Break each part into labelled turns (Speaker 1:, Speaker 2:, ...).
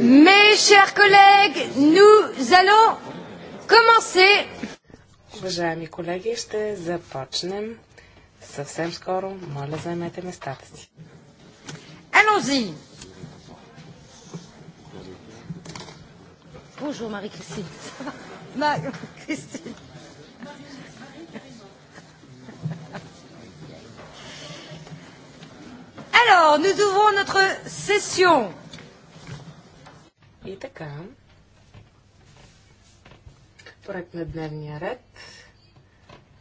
Speaker 1: Mes chers collègues, nous allons commencer.
Speaker 2: Уважаеми колеги, ще започнем съвсем скоро. Моля, займете местата си. Allons-y.
Speaker 1: Bonjour Marie-Christine. Marie-Christine. Alors, nous ouvrons notre session.
Speaker 2: И така, проект на дневния ред.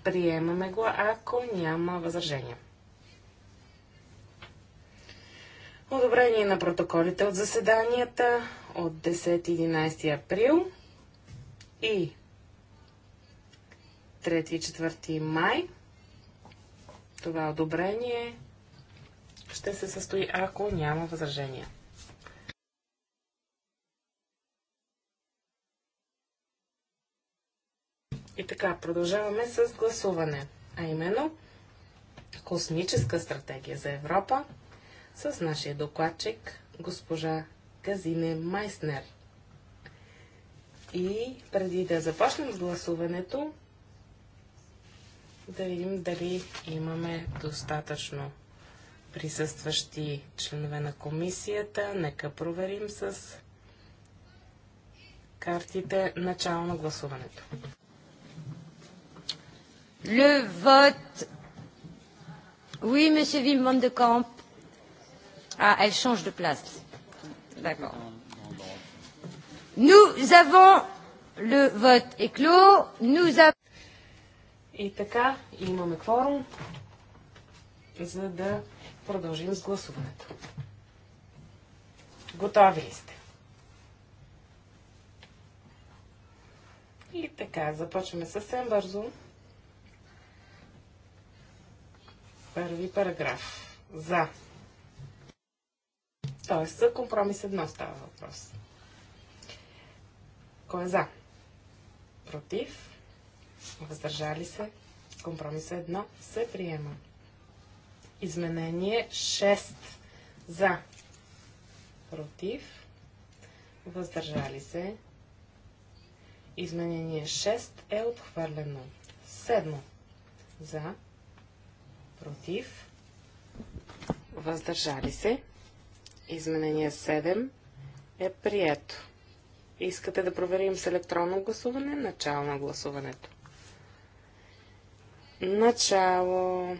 Speaker 2: Приемаме го, ако няма възражения. Одобрение на протоколите от заседанията от 10-11 април и 3-4 май. Това одобрение ще се състои, ако няма възражения. И така, продължаваме с гласуване, а именно космическа стратегия за Европа с нашия докладчик госпожа Казине Майснер. И преди да започнем с гласуването, да видим дали имаме достатъчно присъстващи членове на комисията. Нека проверим с картите начало на гласуването. Le vote.
Speaker 1: Oui, Monsieur Wim van de Camp. Ah, elle change de place. D'accord. Nous avons le vote
Speaker 2: est clos. Nous avons. И така, имаме кворум, за да продължим с гласуването. Готови ли сте? И така, започваме съвсем бързо. първи параграф. За. Тоест, за компромис едно става въпрос. Кой е за? Против? Въздържали се? Компромис едно се приема. Изменение 6. За. Против? Въздържали се? Изменение 6 е отхвърлено. Седмо. За против, въздържали се. Изменение 7 е прието. Искате да проверим с електронно гласуване начало на гласуването. Начало.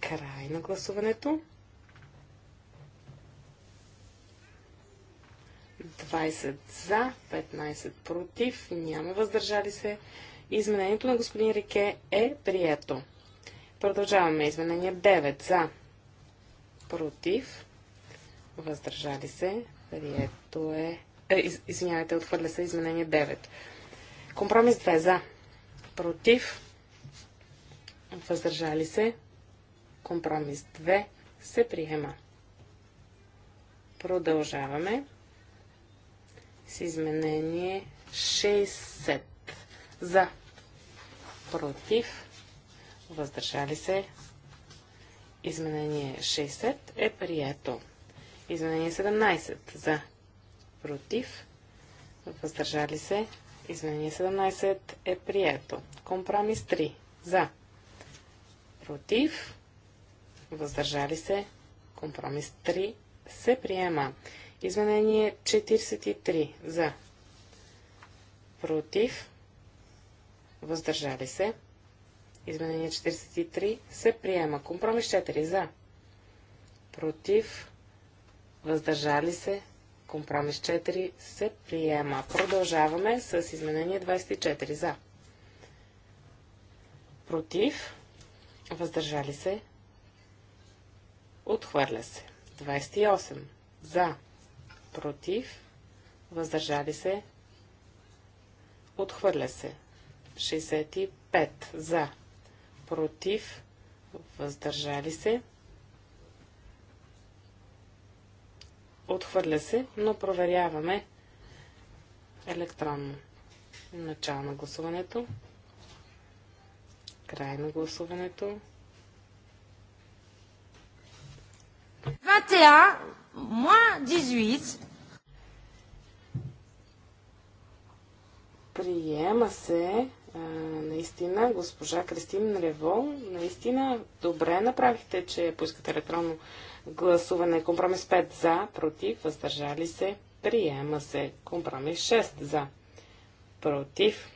Speaker 2: Край на гласуването. 20 за, 15 против, няма въздържали се. Изменението на господин Рике е прието. Продължаваме. Изменение 9 за. Против. Въздържали се. Прието е. е извинявайте, отхвърля се изменение 9. Компромис 2 за. Против. Въздържали се. Компромис 2 се приема. Продължаваме с изменение 60 за против, въздържали се. Изменение 60 е прието. Изменение 17 за, против, въздържали се. Изменение 17 е прието. Компромис 3 за, против, въздържали се. Компромис 3 се приема. Изменение 43 за, против, въздържали се. Изменение 43 се приема. Компромис 4 за, против, въздържали се. Компромис 4 се приема. Продължаваме с изменение 24 за, против, въздържали се. Отхвърля се. 28 за, против, въздържали се. Отхвърля се. 65 за, против, въздържали се. Отхвърля се, но проверяваме електронно. Начало на гласуването. Край на гласуването.
Speaker 1: Ватеа, moins 18.
Speaker 2: Приема се наистина, госпожа Кристин Рево, наистина добре направихте, че поискате електронно гласуване. Компромис 5 за, против, въздържали се, приема се. Компромис 6 за, против,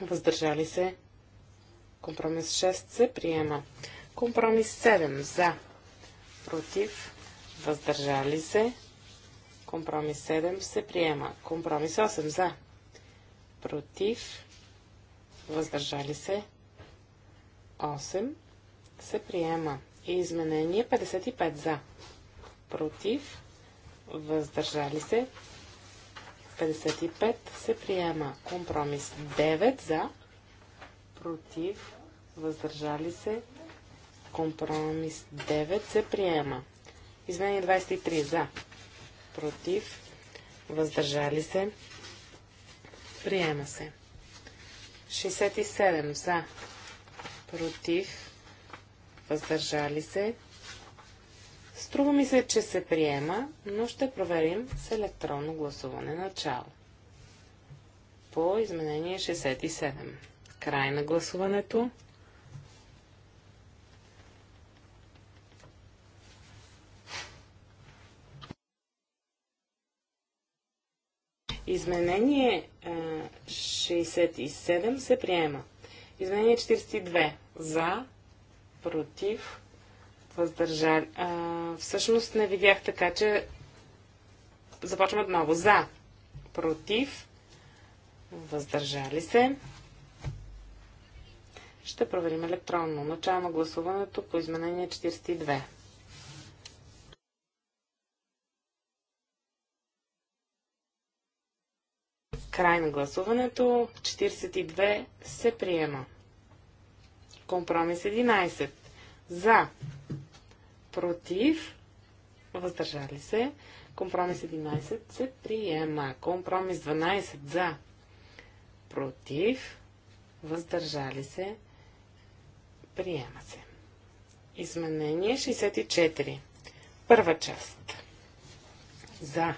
Speaker 2: въздържали се. Компромис 6 се приема. Компромис 7 за, против, въздържали се. Компромис 7 се приема. Компромис 8 за, против, въздържали се 8 се приема. И изменение 55 за, против, въздържали се 55 се приема. Компромис 9 за, против, въздържали се. Компромис 9 се приема. Изменение 23 за, против, въздържали се. Приема се. 67 за, против, въздържали се. Струва ми се, че се приема, но ще проверим с електронно гласуване начало. По изменение 67. Край на гласуването. Изменение 67 се приема. Изменение 42. За, против, въздържали. всъщност не видях така, че започвам отново. За, против, въздържали се. Ще проверим електронно. Начало на гласуването по изменение 42. Край на гласуването. 42 се приема. Компромис 11. За. Против. Въздържали се. Компромис 11 се приема. Компромис 12 за. Против. Въздържали се. Приема се. Изменение 64. Първа част. За.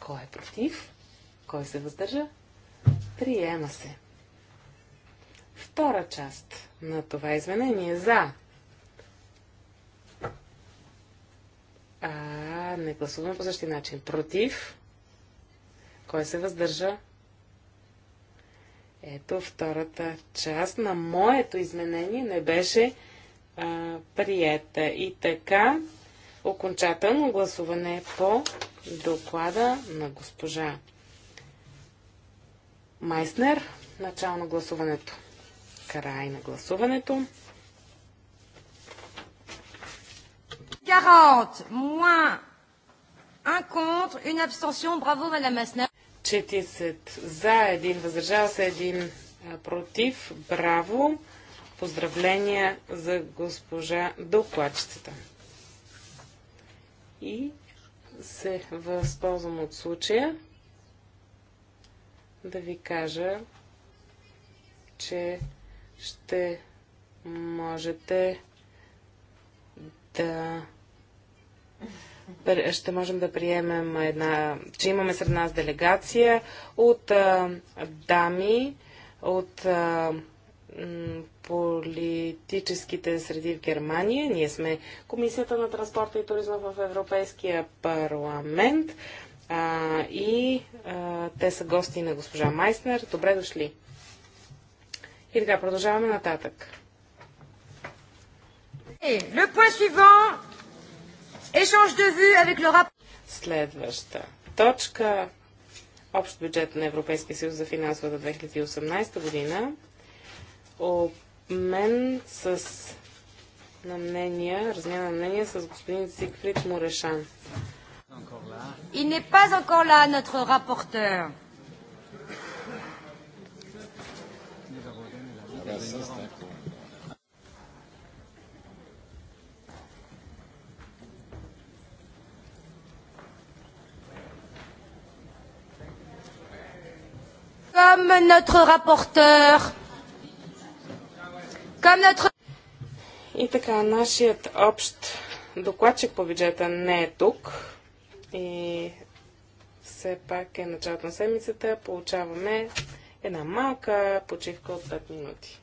Speaker 2: Кой е против? Кой се въздържа? Приема се. Втора част на това изменение за. А, не гласуваме по същия начин. Против. Кой се въздържа? Ето, втората част на моето изменение не беше а, приета. И така, окончателно гласуване по доклада на госпожа Майснер. Начало на гласуването. Край на гласуването.
Speaker 1: 40 муа, ан контр, ин abstention. Браво, мадам Майснер.
Speaker 2: 40 за, един въздържал се, един против. Браво! Поздравления за госпожа докладчицата. И се възползвам от случая да ви кажа, че ще можете да ще можем да приемем една, че имаме сред нас делегация от а, дами, от а, политическите среди в Германия. Ние сме Комисията на транспорта и туризма в Европейския парламент. А, и а, те са гости на госпожа Майснер. Добре дошли. И така, продължаваме нататък. Следваща точка. Общ бюджет на Европейския съюз за финансовата 2018 година. Обмен с на мнения, размяна на мнения с господин Сигфрид Морешан.
Speaker 1: Il n'est pas encore là, notre rapporteur. Comme notre rapporteur,
Speaker 2: comme notre... И така, нашият общ докладчик по бюджета не е тук и все пак е началото на седмицата. Получаваме една малка почивка от 5 минути.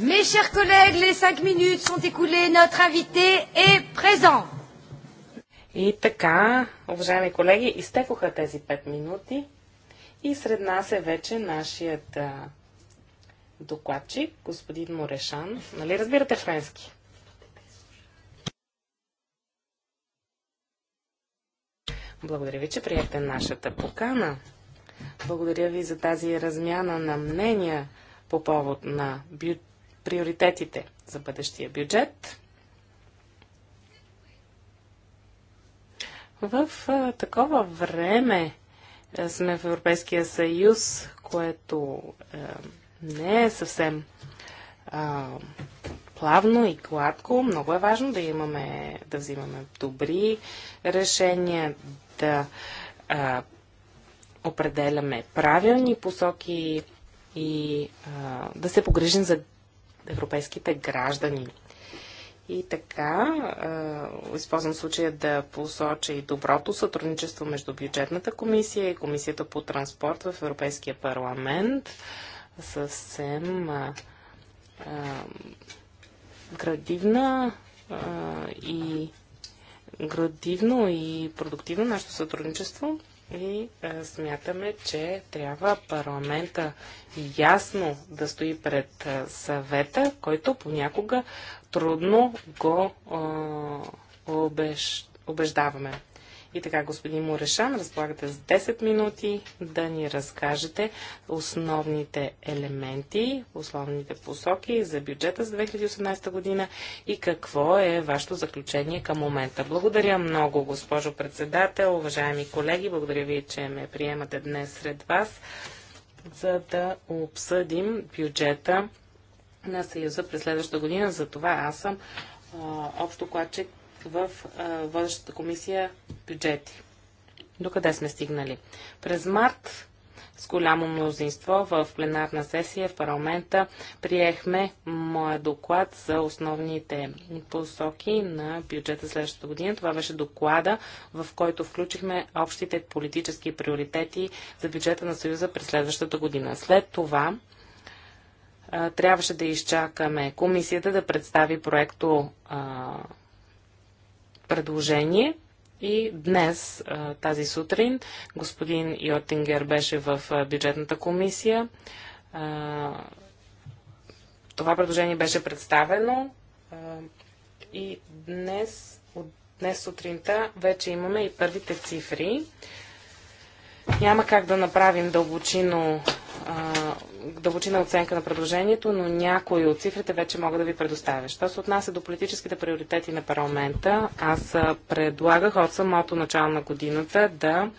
Speaker 1: Mes chers collègues, les cinq minutes sont écoulées. Notre invité est présent.
Speaker 2: И така, уважаеми колеги, изтекоха тези 5 минути и сред нас е вече нашият а, докладчик, господин Морешан. Нали разбирате френски? Благодаря ви, че приехте нашата покана. Благодаря ви за тази размяна на мнения по повод на бюджет приоритетите за бъдещия бюджет. В такова време сме в Европейския съюз, което е, не е съвсем е, плавно и гладко. Много е важно да имаме, да взимаме добри решения, да е, определяме правилни посоки и да се погрежим за европейските граждани. И така, е, използвам случая да посоча и доброто сътрудничество между бюджетната комисия и комисията по транспорт в Европейския парламент. Съвсем е, е, градивна и градивно и продуктивно нашето сътрудничество и а, е, смятаме, че трябва парламента ясно да стои пред а, е, съвета, който понякога трудно го а, е, обещ, обеждаваме. И така, господин Морешан, разполагате с 10 минути да ни разкажете основните елементи, основните посоки за бюджета за 2018 година и какво е вашето заключение към момента. Благодаря много, госпожо председател, уважаеми колеги, благодаря ви, че ме приемате днес сред вас, за да обсъдим бюджета на Съюза през следващата година. За това аз съм общокладчик в а, водещата комисия бюджети. Докъде сме стигнали? През март с голямо мнозинство в пленарна сесия в парламента приехме моя доклад за основните посоки на бюджета следващата година. Това беше доклада, в който включихме общите политически приоритети за бюджета на Съюза през следващата година. След това трябваше да изчакаме комисията да представи проекто а, предложение. И днес, тази сутрин, господин Йотингер беше в бюджетната комисия. Това предложение беше представено и днес, от днес сутринта вече имаме и първите цифри. Няма как да направим дълбочино дълбочина оценка на предложението, но някои от цифрите вече мога да ви предоставя. Що се отнася до политическите приоритети на парламента, аз предлагах от самото начало на годината да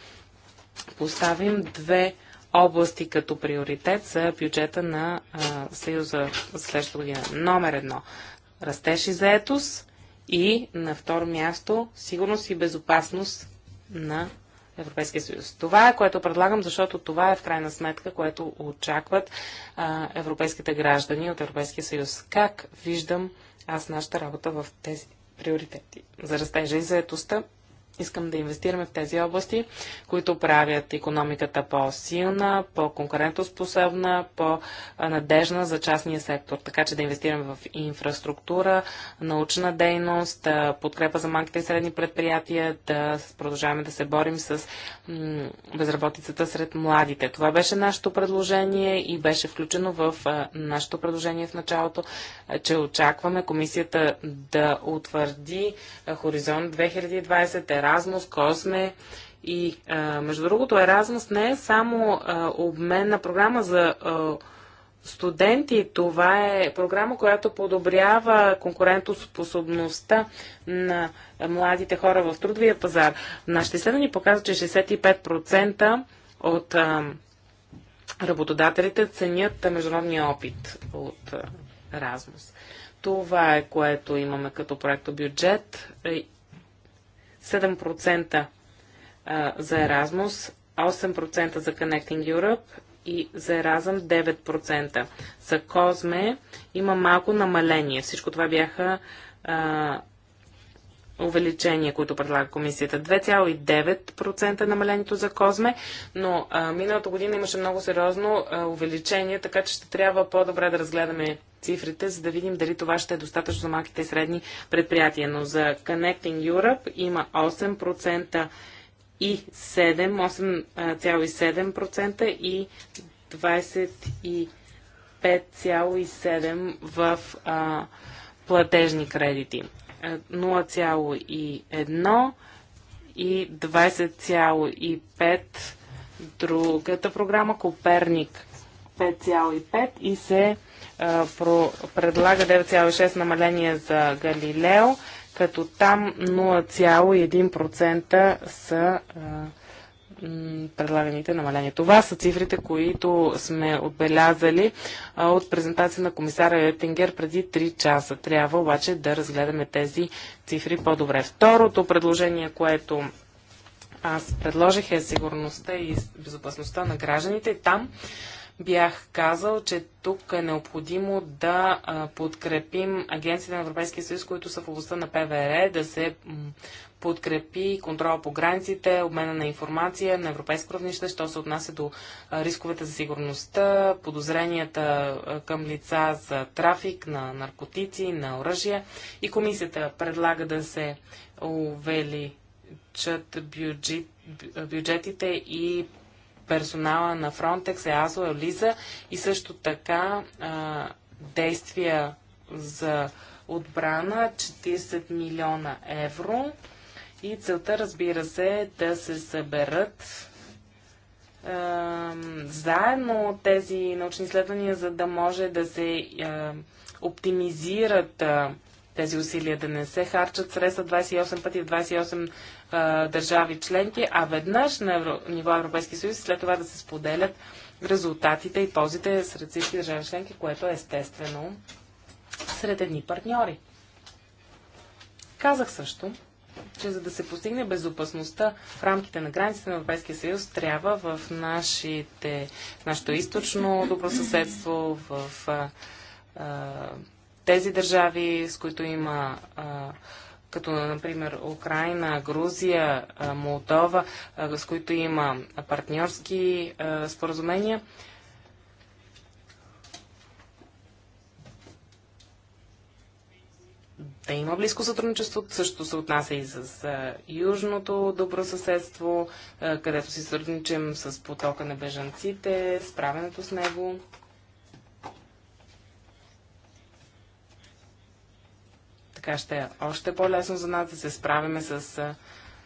Speaker 2: поставим две области като приоритет за бюджета на а, Съюза за следващата година. Номер едно – растеж и заетост и на второ място – сигурност и безопасност на Европейския съюз. Това е което предлагам, защото това е в крайна сметка, което очакват а, европейските граждани от Европейския съюз. Как виждам аз нашата работа в тези приоритети за растежа и заетостта искам да инвестираме в тези области, които правят економиката по-силна, по-конкурентоспособна, по-надежна за частния сектор. Така че да инвестираме в инфраструктура, научна дейност, подкрепа за малките и средни предприятия, да продължаваме да се борим с безработицата сред младите. Това беше нашето предложение и беше включено в нашето предложение в началото, че очакваме комисията да утвърди Хоризонт 2020, Еразмус, Косме. И а, между другото, Еразмус не е само а, обменна програма за а, студенти. Това е програма, която подобрява конкурентоспособността на младите хора в трудовия пазар. Нашите изследвания показват, че 65% от а, работодателите ценят международния опит от Еразмус. Това е което имаме като проекто бюджет 7% за Erasmus, 8% за Connecting Europe и за Еразъм 9%. За Козме има малко намаление. Всичко това бяха а, увеличения, които предлага комисията. 2,9% намалението за Козме, но а, миналата година имаше много сериозно а, увеличение, така че ще трябва по-добре да разгледаме цифрите, за да видим дали това ще е достатъчно за малките и средни предприятия. Но за Connecting Europe има 8% и 7, 8,7% и 25,7% в а, платежни кредити. 0,1% и 20,5% другата програма Коперник 5,5% и се предлага 9,6 намаление за Галилео, като там 0,1% са предлаганите намаления. Това са цифрите, които сме отбелязали а, от презентация на комисара Етингер преди 3 часа. Трябва обаче да разгледаме тези цифри по-добре. Второто предложение, което аз предложих е сигурността и безопасността на гражданите. Там бях казал, че тук е необходимо да подкрепим агенциите на Европейския съюз, които са в областта на ПВР, да се подкрепи контрола по границите, обмена на информация на европейско равнище, що се отнася до рисковете за сигурността, подозренията към лица за трафик на наркотици, на оръжия. И комисията предлага да се увеличат бюджет, бюджетите и персонала на Frontex, EASO, е ЕЛИЗА и също така а, действия за отбрана 40 милиона евро. И целта, разбира се, е да се съберат заедно заедно тези научни изследвания, за да може да се оптимизират тези усилия, да не се харчат средства 28 пъти в 28 държави членки, а веднъж на евро, ниво Европейски съюз, след това да се споделят резултатите и ползите сред всички държави членки, което е естествено сред едни партньори. Казах също, че за да се постигне безопасността в рамките на границите на Европейския съюз, трябва в нашите, в нашето източно добросъседство, в а, тези държави, с които има а, като например Украина, Грузия, Молдова, с които има партньорски споразумения, да има близко сътрудничество. Също се отнася и с южното добросъседство, съседство, където си сътрудничим с потока на бежанците, справенето с него. Така ще е още по-лесно за нас да се справиме с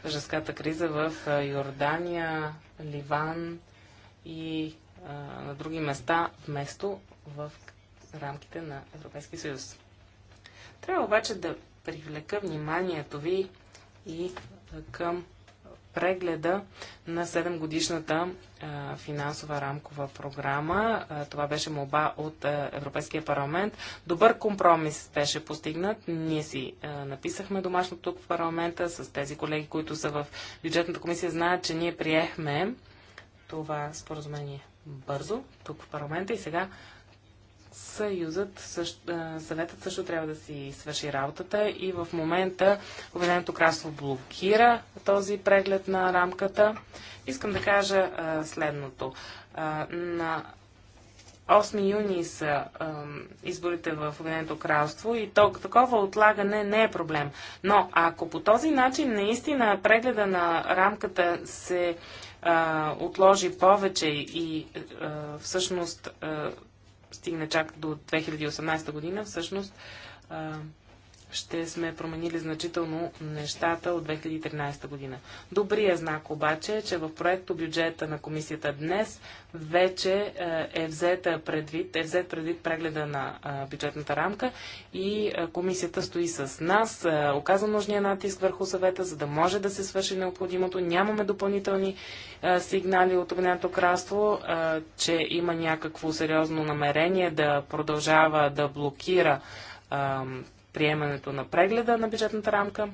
Speaker 2: жестката криза в Йордания, Ливан и на други места, вместо в рамките на Европейския съюз. Трябва обаче да привлека вниманието ви и към прегледа на 7-годишната финансова рамкова програма. това беше молба от Европейския парламент. Добър компромис беше постигнат. Ние си написахме домашно тук в парламента с тези колеги, които са в бюджетната комисия, знаят, че ние приехме това споразумение бързо тук в парламента и сега Съюзът, също, съветът също трябва да си свърши работата и в момента Обединеното кралство блокира този преглед на рамката. Искам да кажа а, следното. А, на 8 юни са а, изборите в Обединеното кралство и то, такова отлагане не е проблем. Но ако по този начин наистина прегледа на рамката се отложи повече и всъщност стигне чак до 2018 година, всъщност ще сме променили значително нещата от 2013 година. Добрия знак обаче е, че в проекто бюджета на комисията днес вече е, е взета предвид, е взет предвид прегледа на бюджетната рамка и комисията стои с нас, оказва нужния натиск върху съвета, за да може да се свърши необходимото. Нямаме допълнителни сигнали от Огненото кралство, че има някакво сериозно намерение да продължава да блокира приемането на прегледа на бюджетната рамка.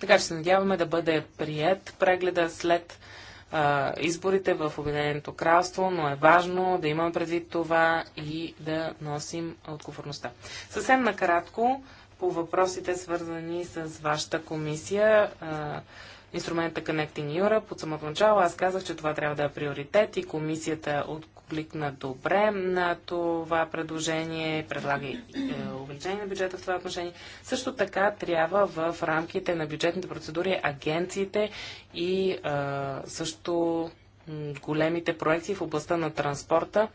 Speaker 2: Така че се надяваме да бъде прият прегледа след а, изборите в Обединеното кралство, но е важно да имаме предвид това и да носим отговорността. Съвсем накратко по въпросите, свързани с вашата комисия. А, инструмента Connecting Europe. От самото начало аз казах, че това трябва да е приоритет и комисията откликна добре на това предложение, предлага е, увеличение на бюджета в това отношение. Също така трябва в рамките на бюджетните процедури агенциите и е, също големите проекти в областта на транспорта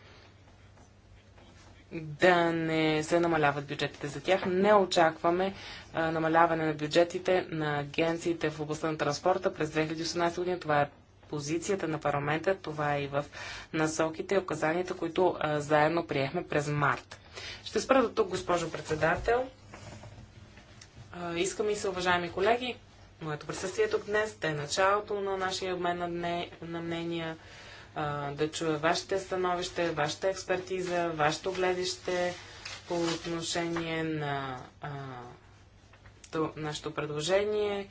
Speaker 2: да не се намаляват бюджетите за тях. Не очакваме а, намаляване на бюджетите на агенциите в областта на транспорта през 2018 година. Това е позицията на парламента, това е и в насоките и указанията, които а, заедно приехме през март. Ще спра до тук, госпожо председател. А, искам и се, уважаеми колеги, моето присъствие е тук днес, те е началото на нашия обмен на, дне, на мнения да чуя вашите становище, вашата експертиза, вашето гледище по отношение на а, то, нашето предложение.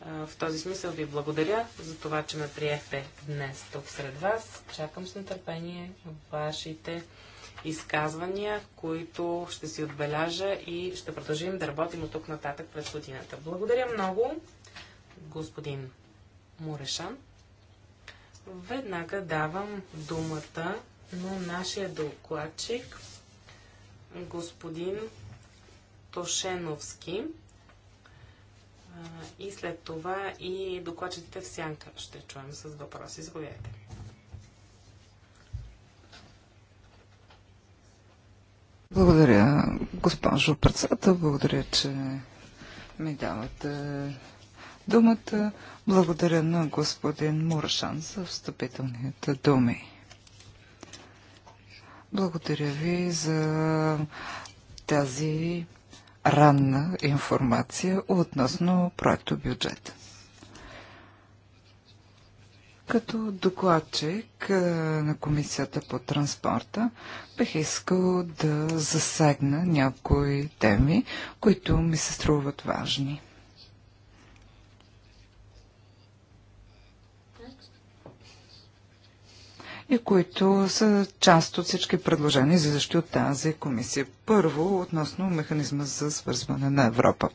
Speaker 2: А, в този смисъл ви благодаря за това, че ме приехте днес тук сред вас. Чакам с нетърпение вашите изказвания, които ще си отбеляжа и ще продължим да работим от тук нататък през годината. Благодаря много, господин Мурешан. Веднага давам думата на нашия докладчик, господин Тошеновски. И след това и докладчиците в сянка ще чуем с въпроси. Заповядайте.
Speaker 3: Благодаря, госпожо председател. Благодаря, че ми давате думата. Благодаря на господин Мурашан за встъпителните думи. Благодаря ви за тази ранна информация относно проекто бюджет. Като докладчик на Комисията по транспорта бих искал да засегна някои теми, които ми се струват важни. и които са част от всички предложения, излизащи от тази комисия. Първо, относно механизма за свързване на Европа.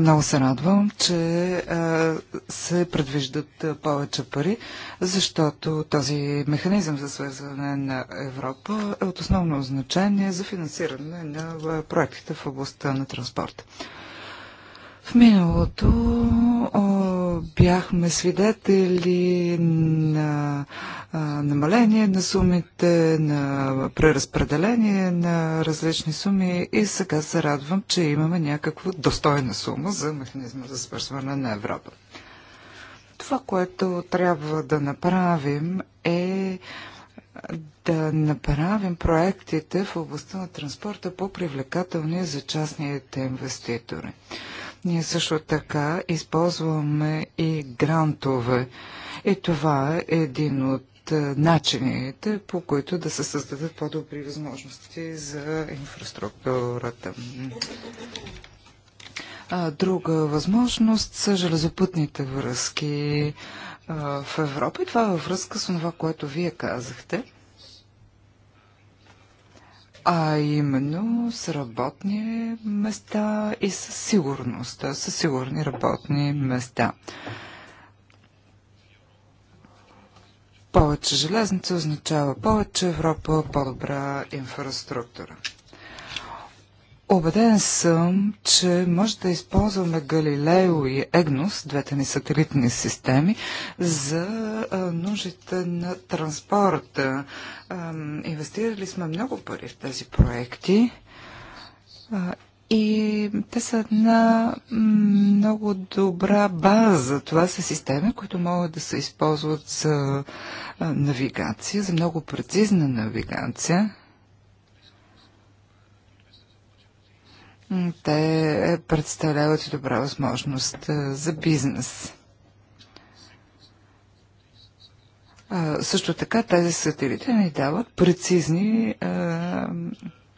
Speaker 3: Много се радвам, че се предвиждат повече пари, защото този механизъм за свързване на Европа е от основно значение за финансиране на проектите в областта на транспорта. В миналото бяхме свидетели на намаление на сумите, на преразпределение на различни суми и сега се радвам, че имаме някаква достойна сума за механизма за свързване на Европа. Това, което трябва да направим е да направим проектите в областта на транспорта по-привлекателни за частните инвеститори. Ние също така използваме и грантове. И това е един от е, начините, по които да се създадат по-добри възможности за инфраструктурата. Друга възможност са железопътните връзки в Европа и това е във връзка с това, което вие казахте а именно с работни места и със сигурност, със сигурни работни места. Повече железници означава повече Европа, по-добра инфраструктура. Обеден съм, че може да използваме Галилео и Егнос, двете ни сателитни системи, за нуждите на транспорта. Инвестирали сме много пари в тези проекти и те са една много добра база. Това са системи, които могат да се използват за навигация, за много прецизна навигация. Те представляват и добра възможност за бизнес. Също така тези сателите ни дават прецизни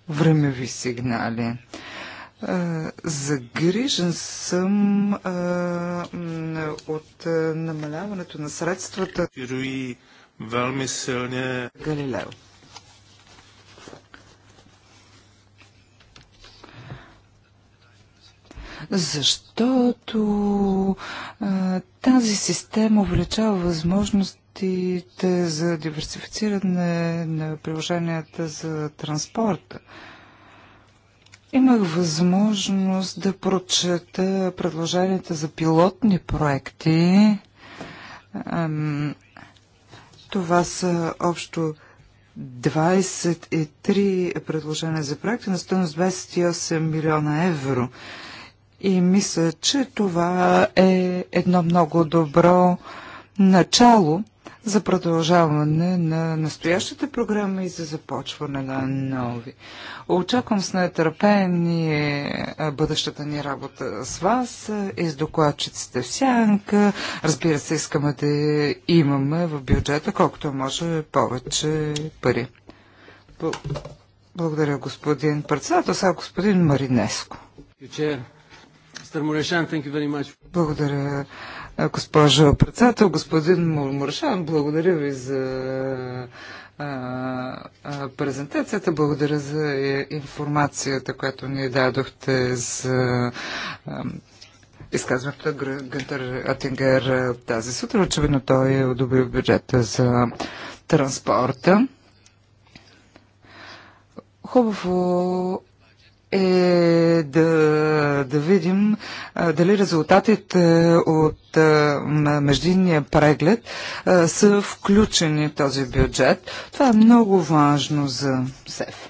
Speaker 3: времеви сигнали. Загрижен съм от намаляването на средствата. Ируи велми silně Галилео. Защото а, тази система увеличава възможностите за диверсифициране на приложенията за транспорта. А, Имах възможност да прочета предложенията за пилотни проекти. Това са общо 23 предложения за проекти на стоеност 28 милиона евро. И мисля, че това е едно много добро начало за продължаване на настоящата програма и за започване на нови. Очаквам с нетърпение бъдещата ни работа с вас и с докладчиците в сянка. Разбира се, искаме да имаме в бюджета колкото може повече пари. Благодаря, господин председател. Сега господин Маринеско. Благодаря, госпожо председател. Господин Муршан, благодаря ви за презентацията. Благодаря за е, информацията, която ни дадохте за изказването на Атингер тази сутра. Очевидно той е одобрил бюджета за транспорта. Хубаво е да, да видим а, дали резултатите е, от е, междинния преглед а, е, са включени в този бюджет. Това е много важно за СЕФ.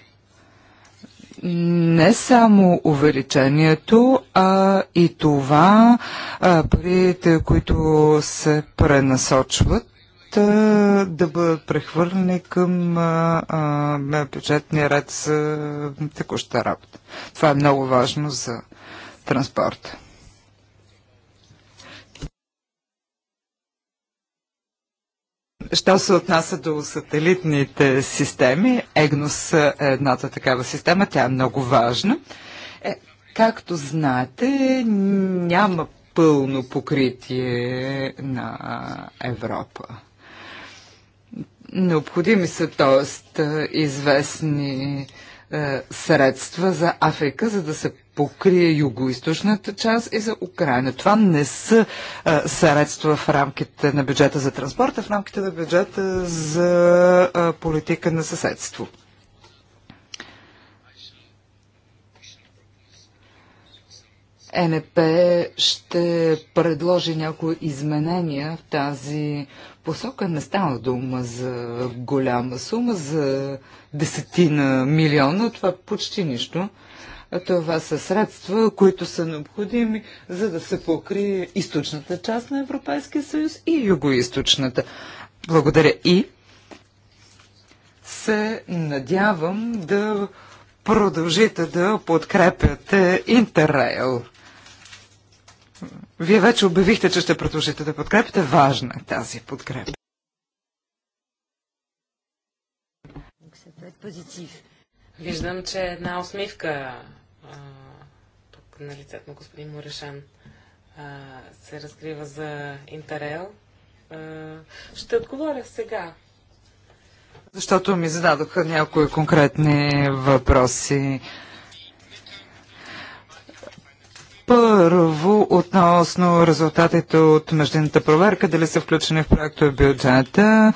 Speaker 3: Не само увеличението, а и това парите, които се пренасочват да бъдат прехвърлени към бюджетния ред за текуща работа. Това е много важно за транспорта. Що се отнася до сателитните системи, ЕГНОС е едната такава система, тя е много важна. Е, както знаете, няма пълно покритие на Европа. Необходими са, т.е. известни е, средства за Африка, за да се покрие югоисточната част и за Украина. Това не са е, средства в рамките на бюджета за транспорта, в рамките на бюджета за е, политика на съседство. ЕНП ще предложи някои изменения в тази посока. Не става дума за голяма сума, за десетина милиона, това почти нищо. Това са средства, които са необходими, за да се покрие източната част на Европейския съюз и югоисточната. Благодаря и се надявам да продължите да подкрепяте Интеррайл. Вие вече обявихте, че ще продължите да подкрепите. Важна е тази подкрепа.
Speaker 2: Виждам, че е една усмивка а, тук на лицето на господин Морешан а, се разкрива за Интерел. А, ще отговоря сега.
Speaker 3: Защото ми зададоха някои конкретни въпроси. А, първо, относно резултатите от междинната проверка, дали са включени в проекто бюджета.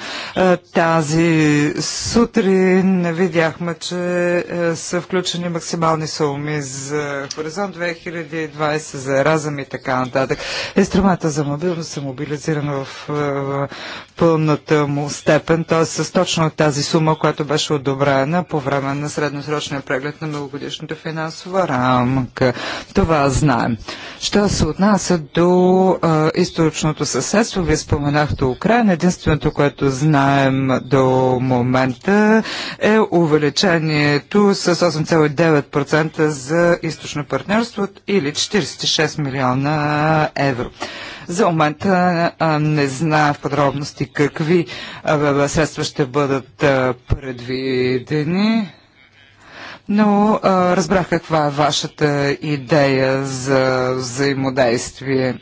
Speaker 3: Тази сутрин видяхме, че е, са включени максимални суми за Хоризонт 2020, за Еразъм и така нататък. Естремата за мобилност е мобилизирана в е, пълната му степен, т.е. с точно тази сума, която беше одобрена по време на средносрочния преглед на многогодишната финансова рамка. Това знае знаем. Що се отнася до а, източното съседство, вие споменахте Украина. Единственото, което знаем до момента е увеличението с 8,9% за източно партньорство или 46 милиона евро. За момента не знае в подробности какви средства ще бъдат предвидени но а, разбрах каква е вашата идея за взаимодействие.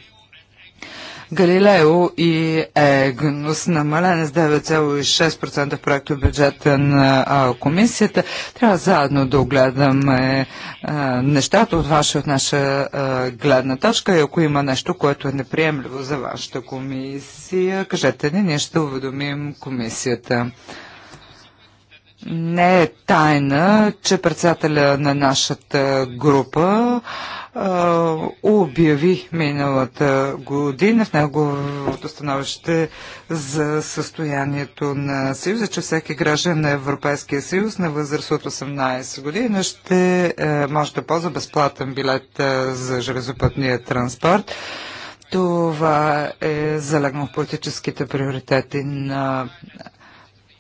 Speaker 3: Галилео и Егнус, намален с 9,6% в проекто бюджета на а, комисията. Трябва заедно да огледаме а, нещата от ваша от наша а, гледна точка и ако има нещо, което е неприемливо за вашата комисия, кажете ни, ние ще уведомим комисията. Не е тайна, че председателя на нашата група а, обяви миналата година в неговото становище за състоянието на Съюза, че всеки граждан на Европейския съюз на възраст от 18 година ще а, е, може да ползва безплатен билет а, е, за железопътния транспорт. Това е залегнал в политическите приоритети на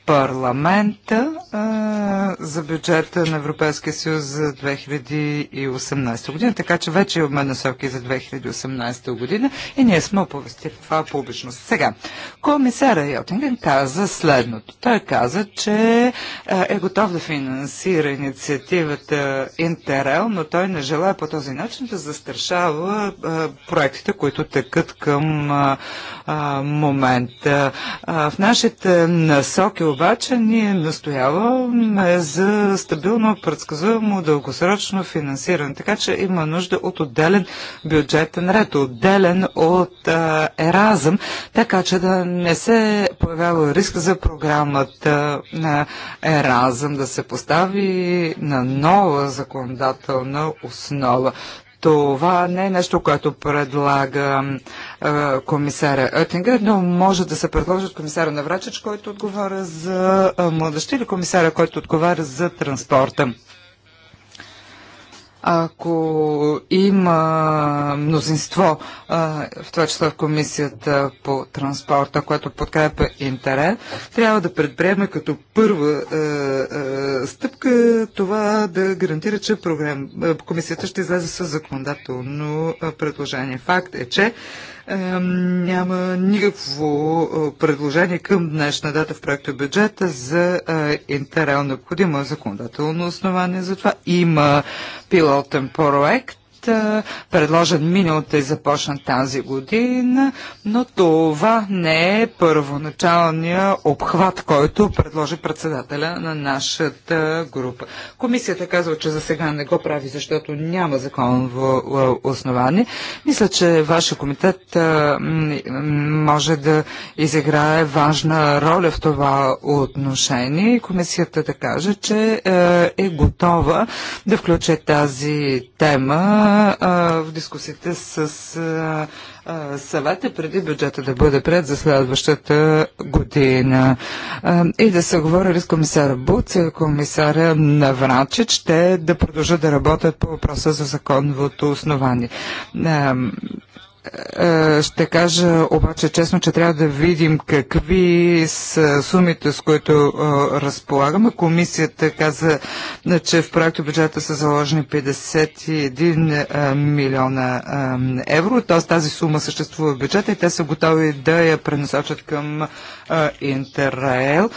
Speaker 3: парламента а, за бюджета на Европейския съюз за 2018 година, така че вече имаме насоки за 2018 година и ние сме оповестили това публично. Сега, комисара Йотинген каза следното. Той каза, че а, е готов да финансира инициативата Интерел, но той не желая по този начин да застрашава а, проектите, които текат към а, а, момента. А, в нашите насоки обаче ние настояваме за стабилно, предсказуемо, дългосрочно финансиране. Така че има нужда от отделен бюджетен ред, отделен от а, Еразъм, така че да не се появява риск за програмата на Еразъм да се постави на нова законодателна основа. Това не е нещо, което предлага е, комисаря Оттингер, но може да се предложи от комисаря Наврачич, който отговаря за младеща или комисаря, който отговаря за транспорта. Ако има мнозинство, в това число в комисията по транспорта, което подкрепя интерес, трябва да предприеме като първа стъпка това да гарантира, че програм... комисията ще излезе с законодателно предложение. Факт е, че няма никакво е, предложение към днешна дата в проекта бюджета за е, интерел необходимо е законодателно основание. Затова има пилотен проект е, предложен миналата и е започна тази година, но това не е първоначалния обхват, който предложи председателя на нашата група. Комисията е казва, че за сега не го прави, защото няма законово основание. Мисля, че вашия комитет може да изиграе важна роля в това отношение и комисията да каже, че е готова да включи тази тема а, в дискусите с а, съвета преди бюджета да бъде пред за следващата година. А, и да се говорили с комисара Буц и комисара Наврачич, ще да продължат да работят по въпроса за законовото основание. А, е, ще кажа обаче честно, че трябва да видим какви са сумите, с които е, разполагаме. Комисията каза, че в проекта бюджета са заложени 51 е, милиона евро, т.е. тази сума съществува в бюджета и те са готови да я пренасочат към Интерраел.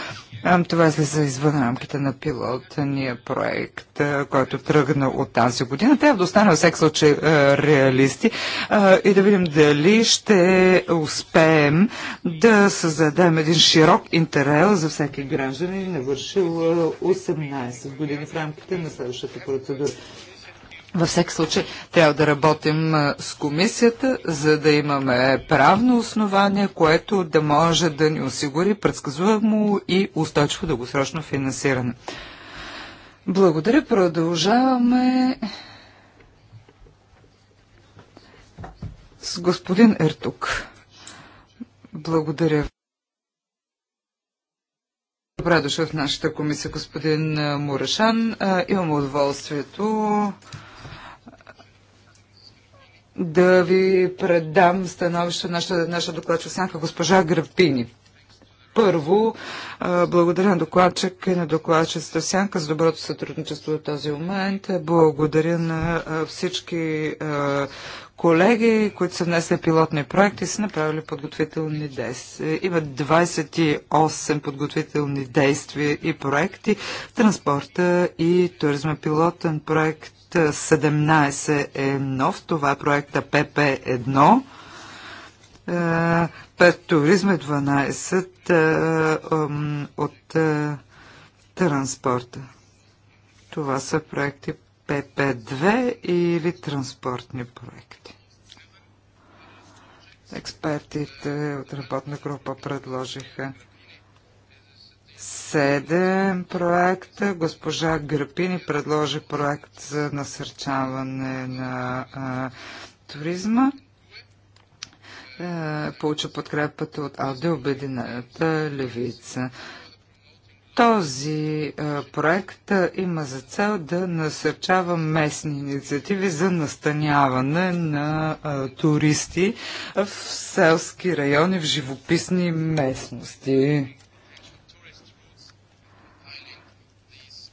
Speaker 3: Това за извън рамките на пилотния проект, който тръгна от тази година. Трябва да останем всеки случай реалисти и да видим дали ще успеем да създадем един широк интерел за всеки гражданин, навършил 18 години в рамките на следващата процедура. Във всеки случай трябва да работим с комисията, за да имаме правно основание, което да може да ни осигури предсказуемо и устойчиво дългосрочно финансиране. Благодаря. Продължаваме с господин Ертук. Благодаря. Добре дошъл в нашата комисия, господин Мурашан. Имам удоволствието да ви предам становище на нашата нашата докладчик Санка госпожа Грапини. Първо, благодаря на докладчик и на докладчицата Сянка за доброто сътрудничество до този момент. Благодаря на всички колеги, които са внесли пилотни проекти, са направили подготвителни действия. Има 28 подготвителни действия и проекти. Транспорта и туризма пилотен проект 17 е нов, това е проекта ПП1. Пред туризма 12 от е, транспорта. Това са проекти ПП2 или транспортни проекти. Експертите от работна група предложиха седем проекта. Госпожа Грапини предложи проект за насърчаване на а, туризма. А, получа подкрепата от Алде Обединената левица. Този а, проект а, има за цел да насърчава местни инициативи за настаняване на а, туристи в селски райони, в живописни местности.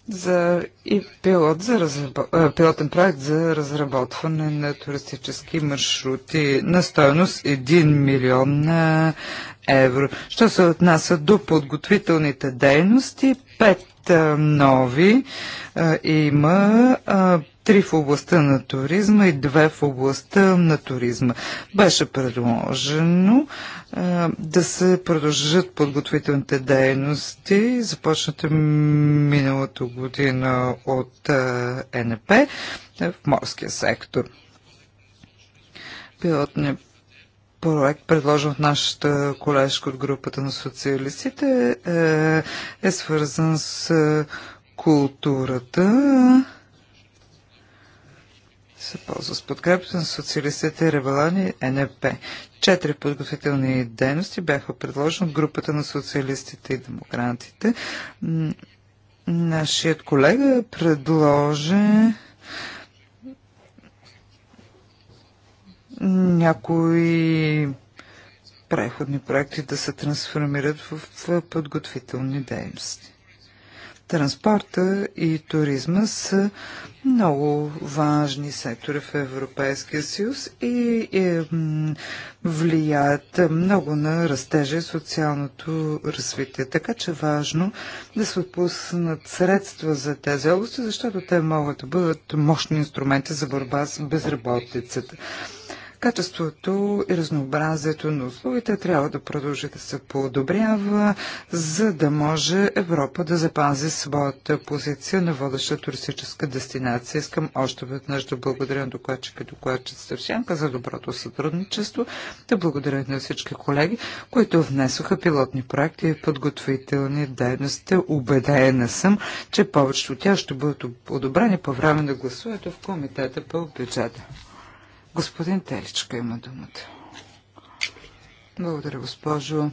Speaker 3: за и пилот за разработ... пилотен проект за разработване на туристически маршрути на стоеност 1 милион евро. Що се отнася до подготвителните дейности, пет нови. Има три в областта на туризма и две в областта на туризма. Беше предложено а, да се продължат подготвителните дейности, започната миналата година от а, НП в морския сектор. Пилотният проект, предложен от нашата колежка от групата на социалистите, е, е свързан с е, културата. Се ползва с подкрепата на социалистите Ревелани НП. Четири подготвителни дейности бяха предложени от групата на социалистите и демократите. Нашият колега предложи някои преходни проекти да се трансформират в, в подготвителни дейности. Транспорта и туризма са много важни сектори в Европейския съюз и, и е, влияят много на растежа и социалното развитие. Така че важно да се отпуснат средства за тези области, защото те могат да бъдат мощни инструменти за борба с безработицата. Качеството и разнообразието на услугите трябва да продължи да се подобрява, за да може Европа да запази своята позиция на водеща туристическа дестинация. Искам още веднъж да благодаря на докладчика и докладчица Стършенка за доброто сътрудничество, да благодаря на всички колеги, които внесоха пилотни проекти и подготвителни дейности. Убедена съм, че повечето от тях ще бъдат одобрени по време на гласуването в комитета по бюджета. Господин Теличка има думата. Благодаря, госпожо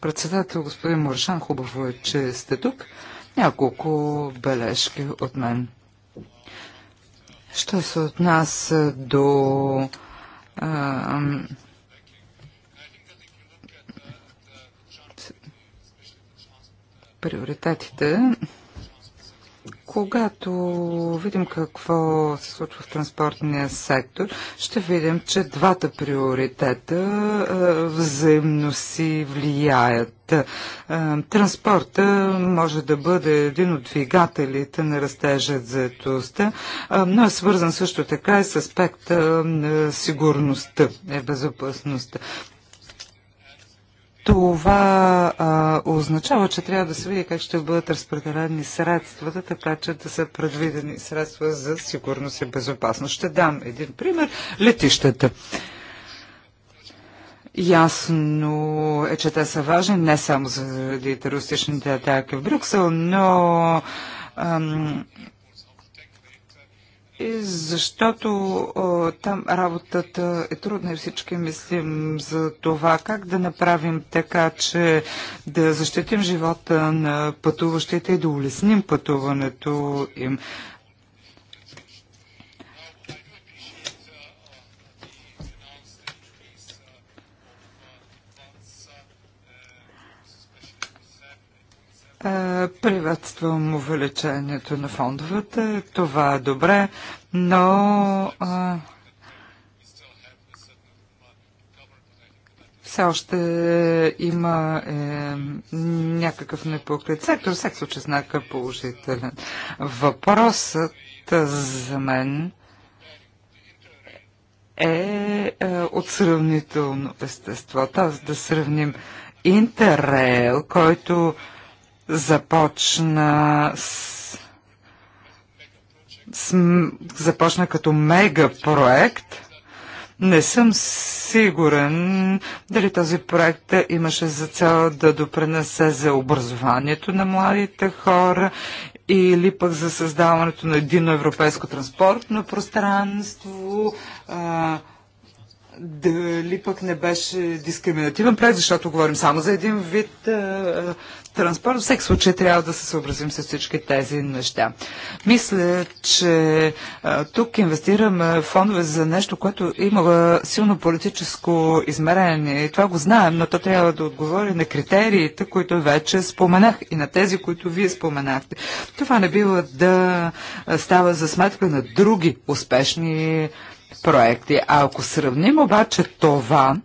Speaker 3: председател. Господин Моршан, хубаво е, че сте тук. Няколко бележки от мен. Що се отнася до а, приоритетите, когато видим какво се случва в транспортния сектор, ще видим, че двата приоритета е, взаимно си влияят. Е, транспорта може да бъде един от двигателите на растежа заетостта, е, но е свързан също така и с аспекта на сигурността и безопасността. Това а, означава, че трябва да се види как ще бъдат разпределени средствата, така че да са предвидени средства за сигурност и безопасност. Ще дам един пример. Летищата. Ясно е, че те са важни не само заради терористичните атаки в Брюксел, но ам, защото там работата е трудна и всички мислим за това как да направим така, че да защитим живота на пътуващите и да улесним пътуването им. Е, приветствам увеличението на фондовете. Това е добре, но е, все още има е, някакъв непокрит сектор. Всеки случай знак е положителен. Въпросът за мен е, е от сравнително естество. Тоест да сравним Интерел, който е, започна с, започна като мегапроект. Не съм сигурен дали този проект имаше за цел да допренесе за образованието на младите хора или пък за създаването на едино европейско транспортно пространство, а, дали пък не беше дискриминативен през защото говорим само за един вид а, е, е, транспорт. всеки случай трябва да се съобразим с всички тези неща. Мисля, че а, е, тук инвестираме фондове за нещо, което има силно политическо измерение. И това го знаем, но то трябва да отговори на критериите, които вече споменах и на тези, които вие споменахте. Това не бива да става за сметка на други успешни проекти. А ако сравним обаче това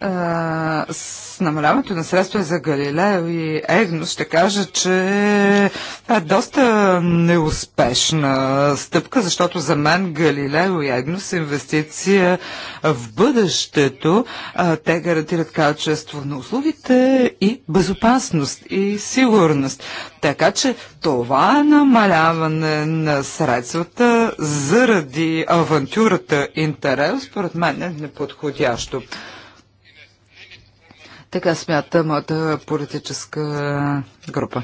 Speaker 3: а, с намаляването на средства за Галилео и Егнос ще кажа, че това е доста неуспешна стъпка, защото за мен Галилео и Егнос е инвестиция в бъдещето. Те гарантират качество на услугите и безопасност и сигурност. Така че това е намаляване на средствата заради авантюрата интерес, според мен е неподходящо. Така смята моята политическа група.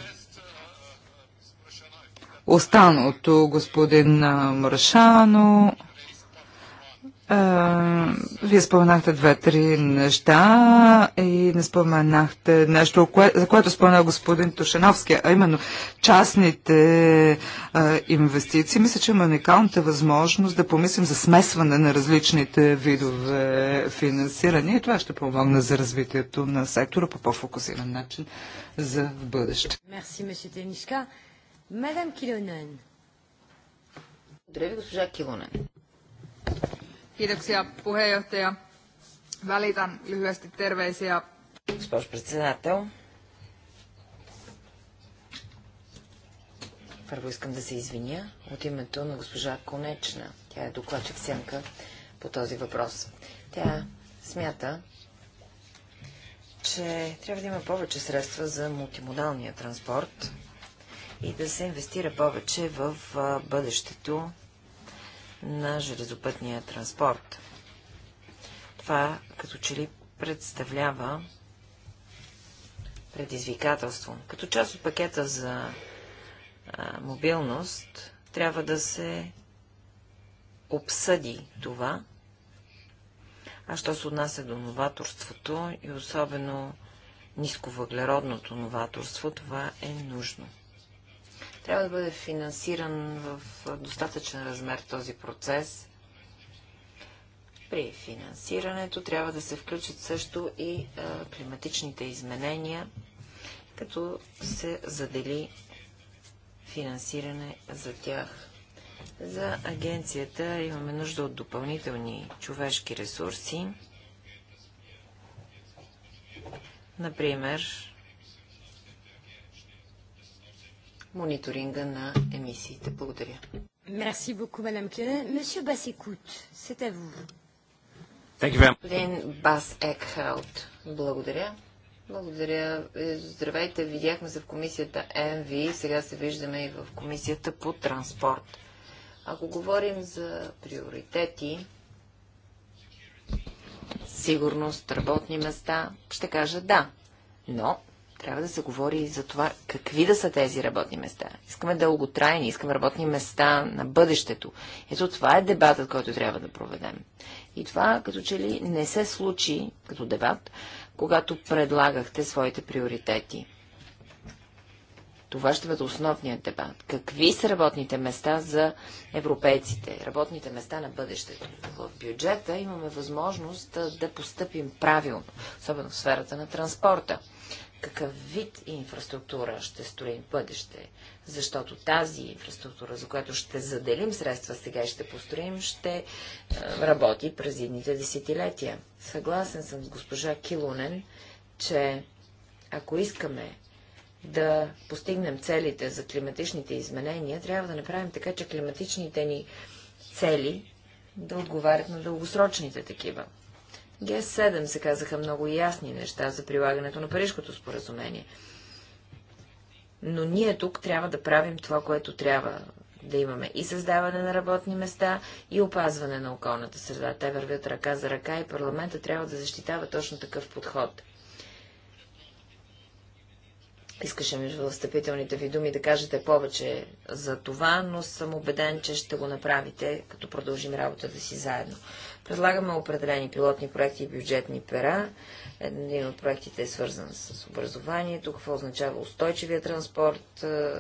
Speaker 3: Останалото господин Маршано вие споменахте две-три неща и не споменахте нещо, кое, за което спомена господин Тушеновски, а именно частните а, инвестиции. Мисля, че има уникалната възможност да помислим за смесване на различните видове финансиране и това ще помогне за развитието на сектора по по-фокусиран начин за бъдеще.
Speaker 1: Мерси, Тенишка.
Speaker 3: Мадам Килонен.
Speaker 1: Благодаря ви, госпожа Килонен.
Speaker 3: Kiitoksia puheenjohtaja. Välitän lyhyesti terveisiä.
Speaker 4: Госпожо председател, първо искам да се извиня от името на госпожа Конечна. Тя е докладчик сянка по този въпрос. Тя смята, че трябва да има повече средства за мултимодалния транспорт и да се инвестира повече в бъдещето на железопътния транспорт. Това като че ли представлява предизвикателство. Като част от пакета за а, мобилност трябва да се обсъди това. А що се отнася до новаторството и особено нисковъглеродното новаторство, това е нужно. Трябва да бъде финансиран в достатъчен размер този процес. При финансирането трябва да се включат също и е, климатичните изменения, като се задели финансиране за тях. За агенцията имаме нужда от допълнителни човешки ресурси, например мониторинга на емисиите. Благодаря.
Speaker 1: Мерси боку, мадам Кюре. Monsieur Бас Екут, à ву.
Speaker 4: Господин Бас Екхелт, благодаря. Благодаря. Е, здравейте, видяхме се в комисията МВ, сега се виждаме и в комисията по транспорт. Ако говорим за приоритети, сигурност, работни места, ще кажа да. Но трябва да се говори и за това какви да са тези работни места. Искаме дълготрайни, искаме работни места на бъдещето. Ето това е дебатът, който трябва да проведем. И това като че ли не се случи като дебат, когато предлагахте своите приоритети. Това ще бъде основният дебат. Какви са работните места за европейците? Работните места на бъдещето. В бюджета имаме възможност да, да постъпим правилно, особено в сферата на транспорта какъв вид инфраструктура ще строим бъдеще, защото тази инфраструктура, за която ще заделим средства сега и ще построим, ще е, работи през едните десетилетия. Съгласен съм с госпожа Килунен, че ако искаме да постигнем целите за климатичните изменения, трябва да направим така, че климатичните ни цели да отговарят на дългосрочните такива. Г7 се казаха много ясни неща за прилагането на Парижкото споразумение. Но ние тук трябва да правим това, което трябва да имаме и създаване на работни места, и опазване на околната среда. Те вървят ръка за ръка и парламента трябва да защитава точно такъв подход. Искаше ми в встъпителните ви думи да кажете повече за това, но съм убеден, че ще го направите, като продължим работата си заедно. Предлагаме определени пилотни проекти и бюджетни пера. Един от проектите е свързан с образованието, какво означава устойчивия транспорт. Е, е,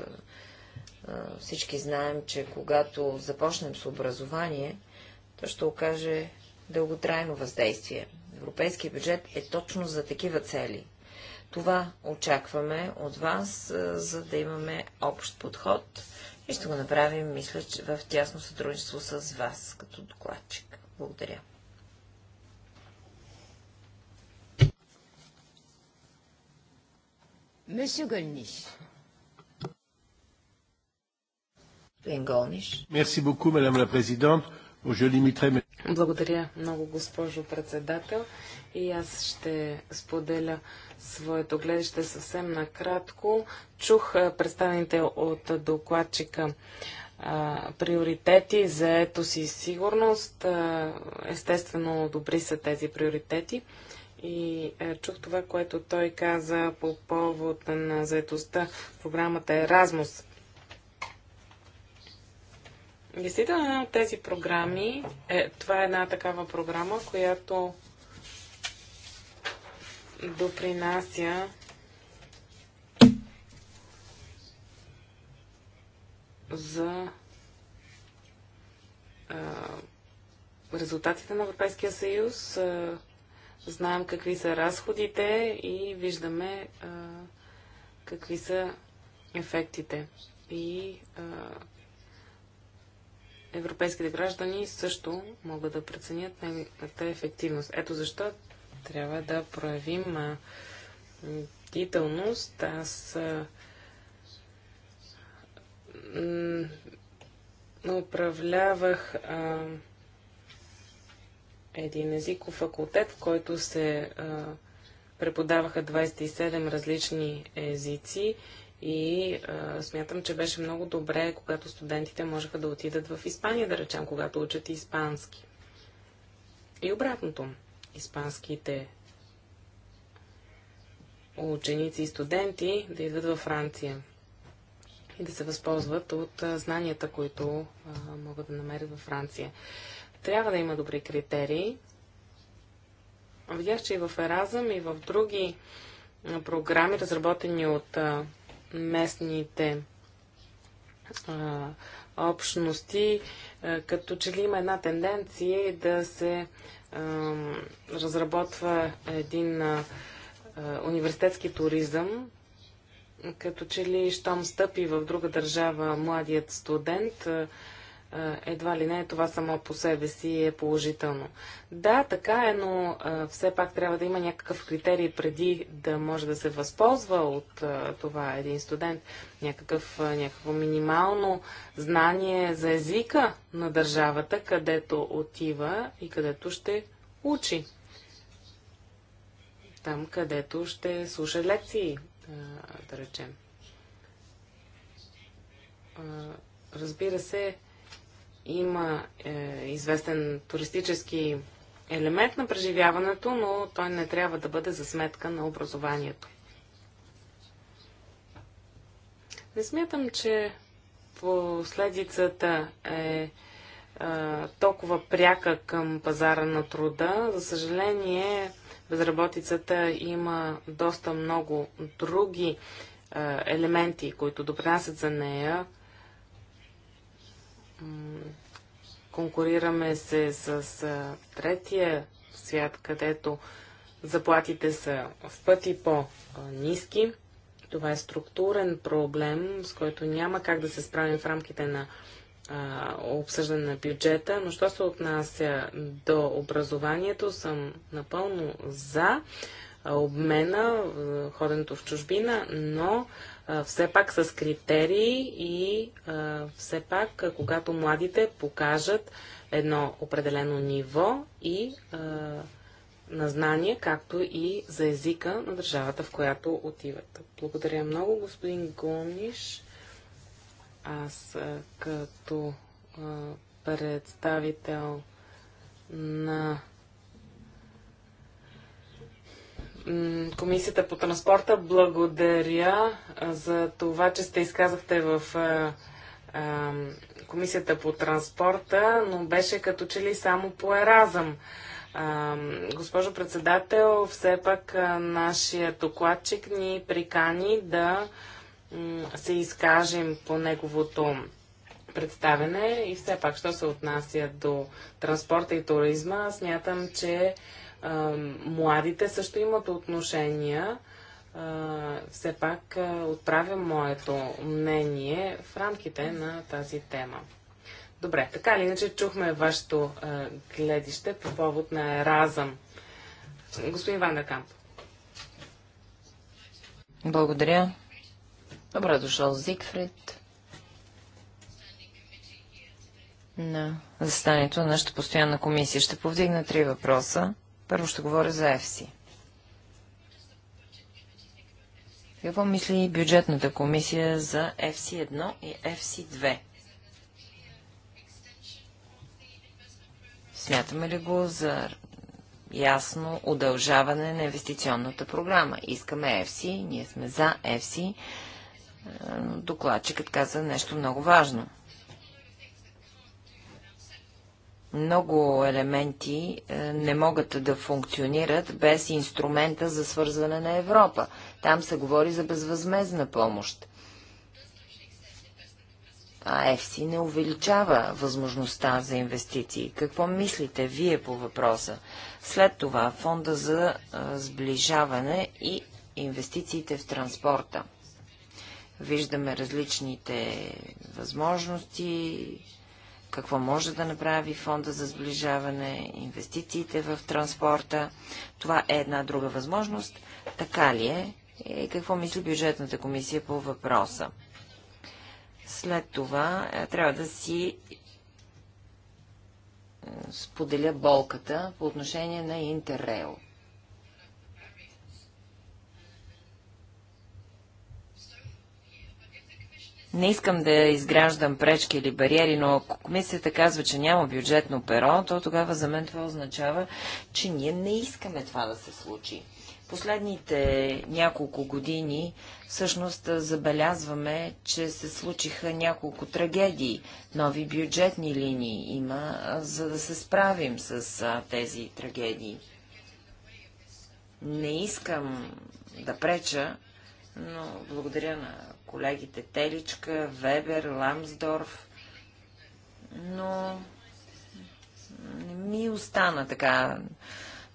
Speaker 4: всички знаем, че когато започнем с образование, то ще окаже дълготрайно въздействие. Европейския бюджет е точно за такива цели. Това очакваме от вас, е, за да имаме общ подход и ще го направим, мисля, в тясно сътрудничество с вас като докладчик.
Speaker 1: Благодаря. Месю Голниш.
Speaker 3: Благодаря
Speaker 2: много, госпожо председател. И аз ще споделя своето гледаще съвсем накратко. Чух представените от докладчика приоритети, заетост си сигурност. естествено, добри са тези приоритети. И е, чух това, което той каза по повод на заетостта. Програмата Размус. Действително, една от тези програми, е, това е една такава програма, която допринася за резултатите на Европейския съюз. знаем какви са разходите и виждаме какви са ефектите. И европейските граждани също могат да преценят нейната ефективност. Ето защо трябва да проявим бдителност. Аз а, управлявах а, един езиков факултет, в който се а, преподаваха 27 различни езици и а, смятам, че беше много добре, когато студентите можеха да отидат в Испания, да речем, когато учат испански. И обратното, испанските ученици и студенти да идват във Франция и да се възползват от знанията, които могат да намерят във Франция. Трябва да има добри критерии. Видях, че и в Еразъм, и в други програми, разработени от местните общности, като че ли има една тенденция да се разработва един университетски туризъм, като че ли, щом стъпи в друга държава младият студент, едва ли не това само по себе си е положително. Да, така е, но все пак трябва да има някакъв критерий преди да може да се възползва от това един студент. Някакъв, някакво минимално знание за езика на държавата, където отива и където ще учи. Там, където ще слуша лекции да речем. Разбира се, има е, известен туристически елемент на преживяването, но той не трябва да бъде за сметка на образованието. Не смятам, че последицата е е толкова пряка към пазара на труда. За съжаление, безработицата има доста много други е, елементи, които допринасят за нея. Конкурираме се с е, третия свят, където заплатите са в пъти по-низки. Това е структурен проблем, с който няма как да се справим в рамките на обсъждане на бюджета, но що се отнася до образованието, съм напълно за обмена, ходенето в чужбина, но все пак с критерии и все пак, когато младите покажат едно определено ниво и на знание, както и за езика на държавата, в която отиват. Благодаря много, господин Гониш аз като представител на Комисията по транспорта, благодаря за това, че сте изказахте в Комисията по транспорта, но беше като че ли само по еразъм. Госпожо председател, все пак нашия докладчик ни прикани да се изкажем по неговото представене и все пак, що се отнася до транспорта и туризма, смятам, че а, младите също имат отношения. А, все пак а, отправя моето мнение в рамките на тази тема. Добре, така или иначе чухме вашето а, гледище по повод на Еразъм. Господин Вандеркамп.
Speaker 4: Благодаря.
Speaker 2: Добре дошъл, Зигфрид,
Speaker 4: на застанието на нашата постоянна комисия. Ще повдигна три въпроса. Първо ще говоря за ЕФСИ. Какво мисли бюджетната комисия за FC1 и FC2? Смятаме ли го за ясно удължаване на инвестиционната програма? Искаме FC, ние сме за FC, докладчикът каза нещо много важно. Много елементи е, не могат да функционират без инструмента за свързване на Европа. Там се говори за безвъзмезна помощ. А ЕФСИ не увеличава възможността за инвестиции. Какво мислите вие по въпроса? След това фонда за сближаване и инвестициите в транспорта. Виждаме различните възможности, какво може да направи фонда за сближаване, инвестициите в транспорта. Това е една друга възможност. Така ли е? И какво мисли бюджетната комисия по въпроса? След това е, трябва да си е, споделя болката по отношение на Интеррейл. Не искам да изграждам пречки или бариери, но ако комисията казва, че няма бюджетно перо, то тогава за мен това означава, че ние не искаме това да се случи. Последните няколко години всъщност забелязваме, че се случиха няколко трагедии, нови бюджетни линии има, за да се справим с тези трагедии. Не искам да преча, но благодаря на колегите Теличка, Вебер, Ламсдорф, но не ми остана така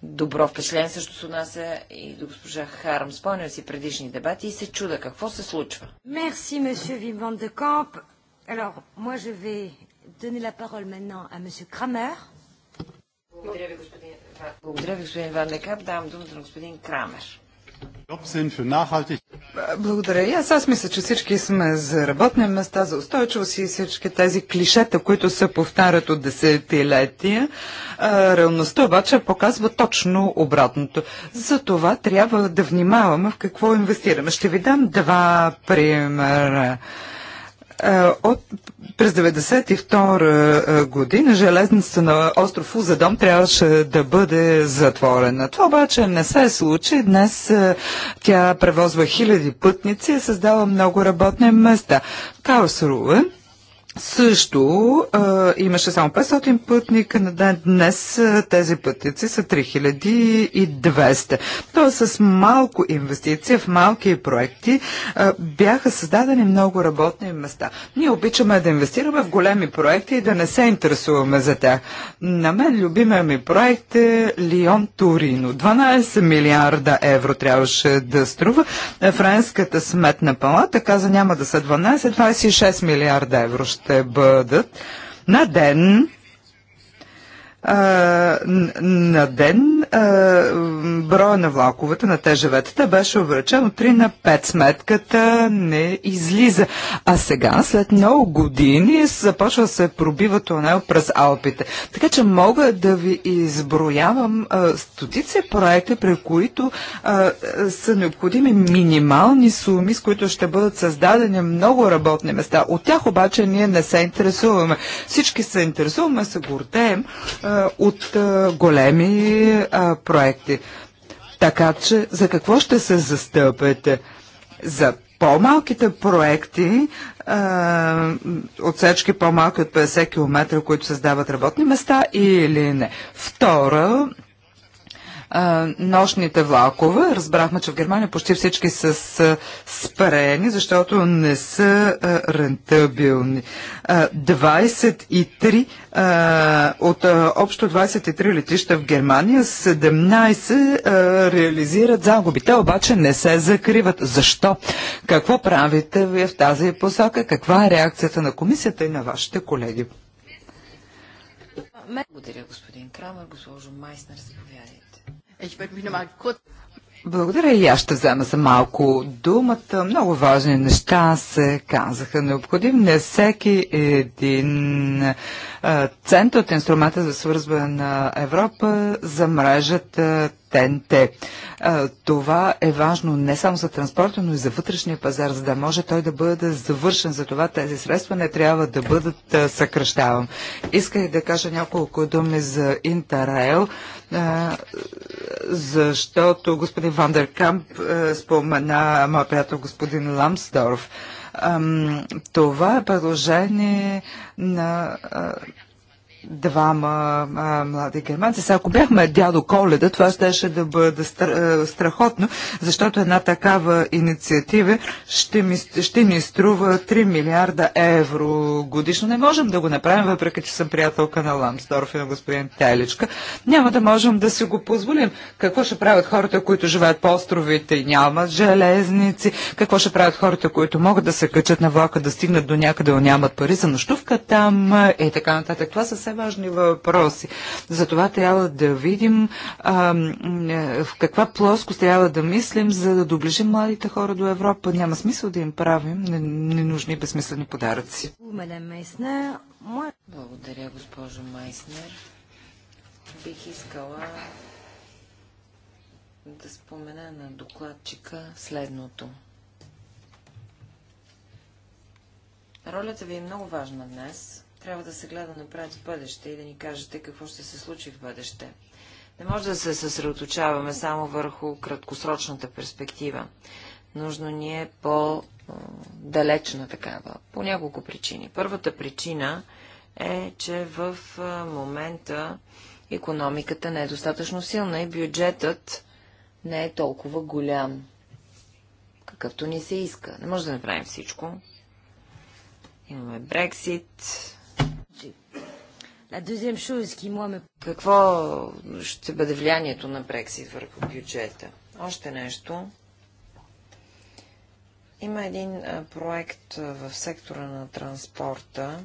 Speaker 4: добро впечатление. Също се отнася и до госпожа Харам. Спомням си предишни дебати и се чуда какво се случва.
Speaker 1: Мерси, месье Вимон де Камп. Alors, moi, je vais donner la parole maintenant à monsieur Kramer.
Speaker 4: Благодаря ви, господин, Благодаря ви, господин Ван Декап. Давам думата на господин Крамер.
Speaker 3: Благодаря. И аз, аз мисля, че всички сме за работни места, за устойчивост и всички тези клишета, които се повтарят от десетилетия. реалността обаче показва точно обратното. За това трябва да внимаваме в какво инвестираме. Ще ви дам два примера. Е, от през 1992 е, година железницата на остров Узадом трябваше да бъде затворена. Това обаче не се е случи. Днес е, тя превозва хиляди пътници и създава много работни места. Каусруе също а, имаше само 500 пътника на ден. Днес а, тези пътници са 3200. Тоест с малко инвестиция в малки проекти а, бяха създадени много работни места. Ние обичаме да инвестираме в големи проекти и да не се интересуваме за тях. На мен любимия ми проект е Лион Турино. 12 милиарда евро трябваше да струва. Френската сметна палата каза няма да са 12, 26 милиарда евро ще ще бъдат на ден на ден броя на влаковете на тжв беше увеличен от 3 на 5. Сметката не излиза. А сега, след много години, започва да се пробива тунел през Алпите. Така че мога да ви изброявам стотици проекти, при които са необходими минимални суми, с които ще бъдат създадени много работни места. От тях обаче ние не се интересуваме. Всички се интересуваме, се гордеем, а, от големи проекти. Така че за какво ще се застъпете? За по-малките проекти, отсечки по-малки от 50 км, които създават работни места или не. Втора, нощните влакове. Разбрахме, че в Германия почти всички са, спрени, защото не са а, рентабилни. А, 23 а, от а, общо 23 летища в Германия, 17 а, реализират загуби. Те обаче не се закриват. Защо? Какво правите вие в тази посока? Каква е реакцията на комисията и на вашите колеги?
Speaker 4: Благодаря, господин Крамер.
Speaker 3: Госпожо Майснер, за благодаря и аз ще взема за малко думата. Много важни неща се казаха. Необходим не всеки един цент от инструмента за свързване на Европа за мрежата ТНТ. Това е важно не само за транспорта, но и за вътрешния пазар, за да може той да бъде завършен. За това тези средства не трябва да бъдат съкръщавам. Исках да кажа няколко думи за Интерайл защото господин Вандеркамп спомена моят приятел господин Ламсдорф. Това е предложение на двама а, млади германци. Сега, ако бяхме дядо Коледа, това щеше да бъде страхотно, защото една такава инициатива ще, ми, ще ни струва 3 милиарда евро годишно. Не можем да го направим, въпреки че съм приятелка на Ламсдорф и на господин Тайличка. Няма да можем да си го позволим. Какво ще правят хората, които живеят по островите и нямат железници? Какво ще правят хората, които могат да се качат на влака, да стигнат до някъде, но нямат пари за нощувка там и така нататък? Това съвсем най-важни въпроси. Затова трябва да видим а, е, в каква плоскост трябва да мислим, за да доближим младите хора до Европа. Няма смисъл да им правим ненужни и безсмислени подаръци.
Speaker 4: Благодаря, госпожо Майснер. Бих искала да спомена на докладчика следното. Ролята ви е много важна днес. Трябва да се гледа напред в бъдеще и да ни кажете какво ще се случи в бъдеще. Не може да се съсредоточаваме само върху краткосрочната перспектива. Нужно ни е по-далечна такава, по няколко причини. Първата причина е, че в момента економиката не е достатъчно силна и бюджетът не е толкова голям, какъвто ни се иска. Не може да направим всичко. Имаме Брексит, какво ще бъде влиянието на Брексит върху бюджета? Още нещо. Има един проект в сектора на транспорта,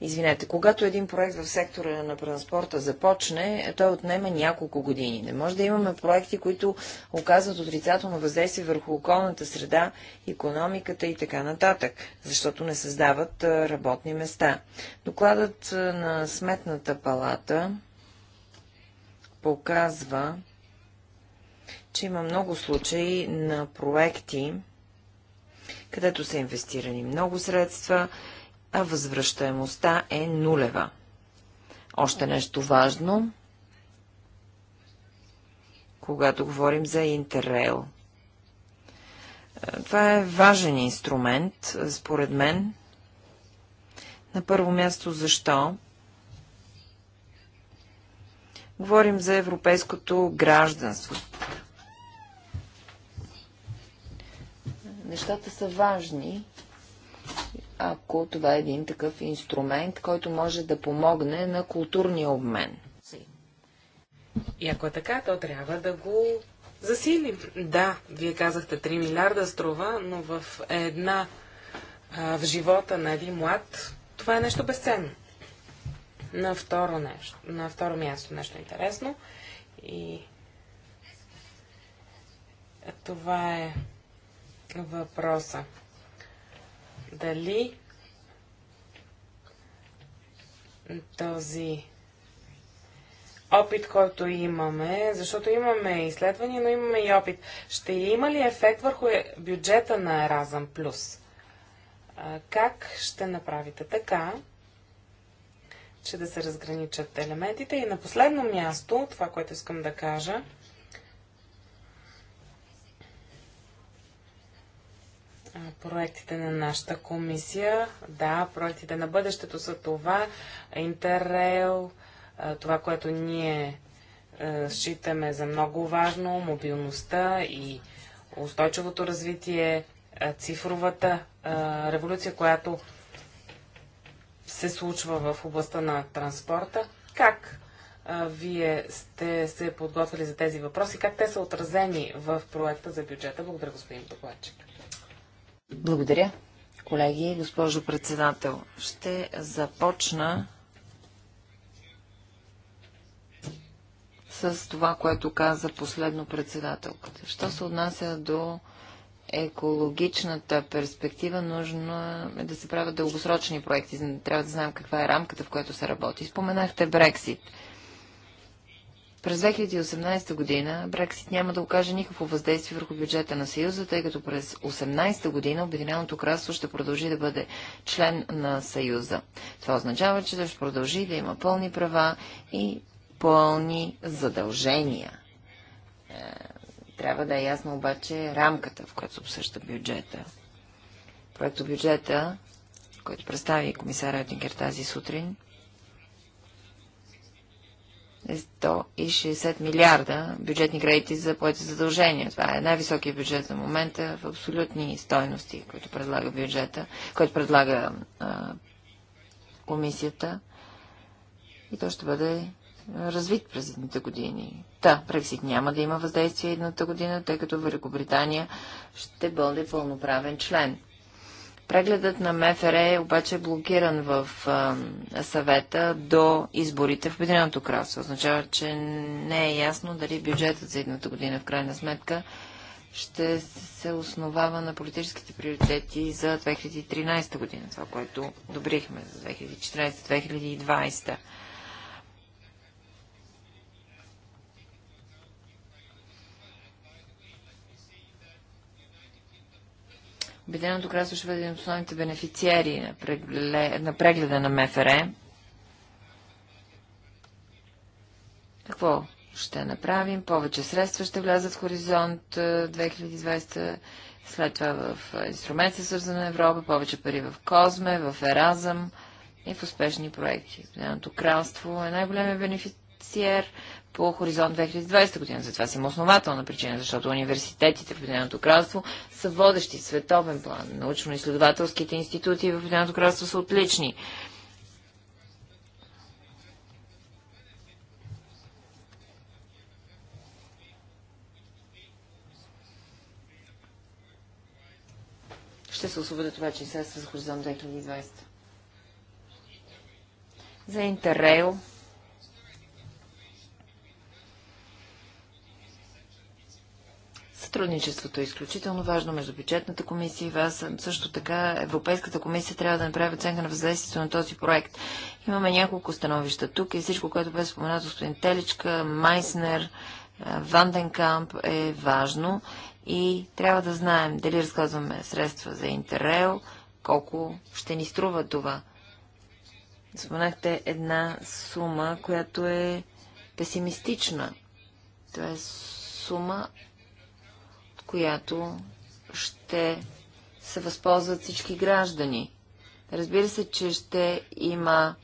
Speaker 4: Извинете, когато един проект в сектора на транспорта започне, той отнема няколко години. Не може да имаме проекти, които оказват отрицателно въздействие върху околната среда, економиката и така нататък, защото не създават работни места. Докладът на Сметната палата показва, че има много случаи на проекти, където са инвестирани много средства, а възвръщаемостта е нулева. Още нещо важно, когато говорим за интеррейл. Е, това е важен инструмент, е, според мен. На първо място, защо? Говорим за европейското гражданство. Нещата са важни, ако това е един такъв инструмент, който може да помогне на културния обмен.
Speaker 2: И ако е така, то трябва да го засилим. Да, вие казахте 3 милиарда струва, но в една в живота на един млад това е нещо безценно. На второ, нещо, на второ място нещо интересно и това е въпроса дали този опит, който имаме, защото имаме изследвания, но имаме и опит. Ще има ли ефект върху е- бюджета на Еразъм Плюс? Как ще направите така, че да се разграничат елементите? И на последно място, това, което искам да кажа, проектите на нашата комисия. Да, проектите на бъдещето са това. Интеррейл, това, което ние считаме за много важно, мобилността и устойчивото развитие, цифровата революция, която се случва в областта на транспорта. Как вие сте се подготвили за тези въпроси? Как те са отразени в проекта за бюджета? Благодаря, господин докладчик.
Speaker 4: Благодаря. Колеги, госпожо председател, ще започна с това, което каза последно председателката. Що се отнася до екологичната перспектива, нужно е да се правят дългосрочни проекти. Трябва да знаем каква е рамката, в която се работи. Споменахте Брексит. През 2018 година Брексит няма да окаже никакво въздействие върху бюджета на Съюза, тъй като през 2018 година Обединеното кралство ще продължи да бъде член на Съюза. Това означава, че ще продължи да има пълни права и пълни задължения. Е, трябва да е ясно обаче рамката, в която се обсъжда бюджета. Проекто бюджета, който представи комисаря Тингер тази сутрин, 160 милиарда бюджетни кредити за поети задължения. Това е най-високия бюджет за момента в абсолютни стойности, които предлага бюджета, който предлага а, комисията. И то ще бъде развит през едните години. Та, Брексит няма да има въздействие едната година, тъй като Великобритания ще бъде пълноправен член. Прегледът на МФР е обаче блокиран в а, съвета до изборите в Обединеното кралство. Означава, че не е ясно дали бюджетът за едната година в крайна сметка ще се основава на политическите приоритети за 2013 година, това, което добрихме за 2014-2020. Обединеното кралство ще бъде един от основните бенефициери на, прегле... на прегледа на МФР. Какво ще направим? Повече средства ще влязат в хоризонт 2020, е, след това в е, инструмент за свързана Европа, повече пари в Козме, в Еразъм и в успешни проекти. Обединеното кралство е най-големият бенефициер Сиер по Хоризонт 2020 година. Затова съм основателна причина, защото университетите в Обединеното кралство са водещи в световен план. Научно-изследователските институти в Обединеното кралство са отлични. ще се освободят обаче средства за Хоризонт 2020. За Интеррейл Сътрудничеството е изключително важно между бюджетната комисия и вас. Също така Европейската комисия трябва да направи оценка на въздействието на този проект. Имаме няколко становища тук и всичко, което бе споменато господин Теличка, Майснер, Ванденкамп е важно и трябва да знаем дали разказваме средства за интерел, колко ще ни струва това. Споменахте една сума, която е песимистична. Това е сума която ще се възползват всички граждани. Разбира се, че ще има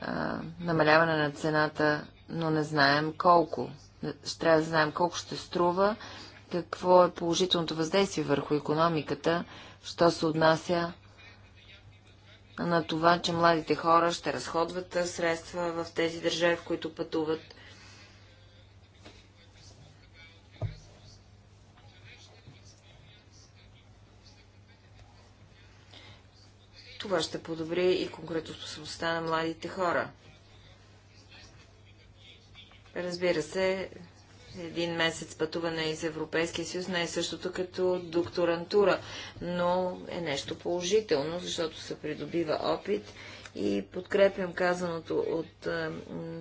Speaker 4: а, намаляване на цената, но не знаем колко. Ще трябва да знаем колко ще струва, какво е положителното въздействие върху економиката, що се отнася на това, че младите хора ще разходват средства в тези държави, в които пътуват. Това ще подобри и конкурентоспособността на младите хора. Разбира се, един месец пътуване из Европейския съюз не е същото като докторантура, но е нещо положително, защото се придобива опит и подкрепям казаното от е,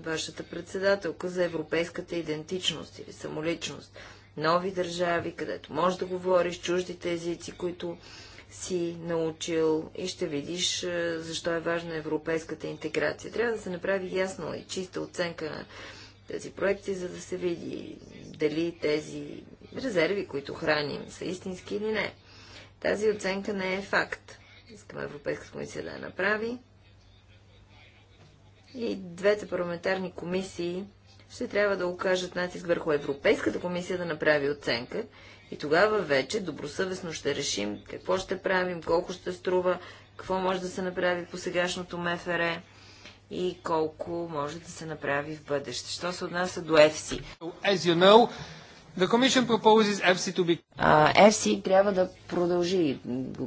Speaker 4: вашата председателка за европейската идентичност или самоличност. Нови държави, където можеш да говориш чуждите езици, които си научил и ще видиш е, защо е важна европейската интеграция. Трябва да се направи ясна и чиста оценка на тези проекти, за да се види дали тези резерви, които храним, са истински или не. Тази оценка не е факт. Искаме Европейската комисия да я направи. И двете парламентарни комисии ще трябва да окажат натиск върху Европейската комисия да направи оценка и тогава вече добросъвестно ще решим какво ще правим, колко ще струва, какво може да се направи по сегашното МФР и колко може да се направи в бъдеще. Що се отнася до ЕФСИ?
Speaker 3: Be...
Speaker 4: Uh, трябва да продължи.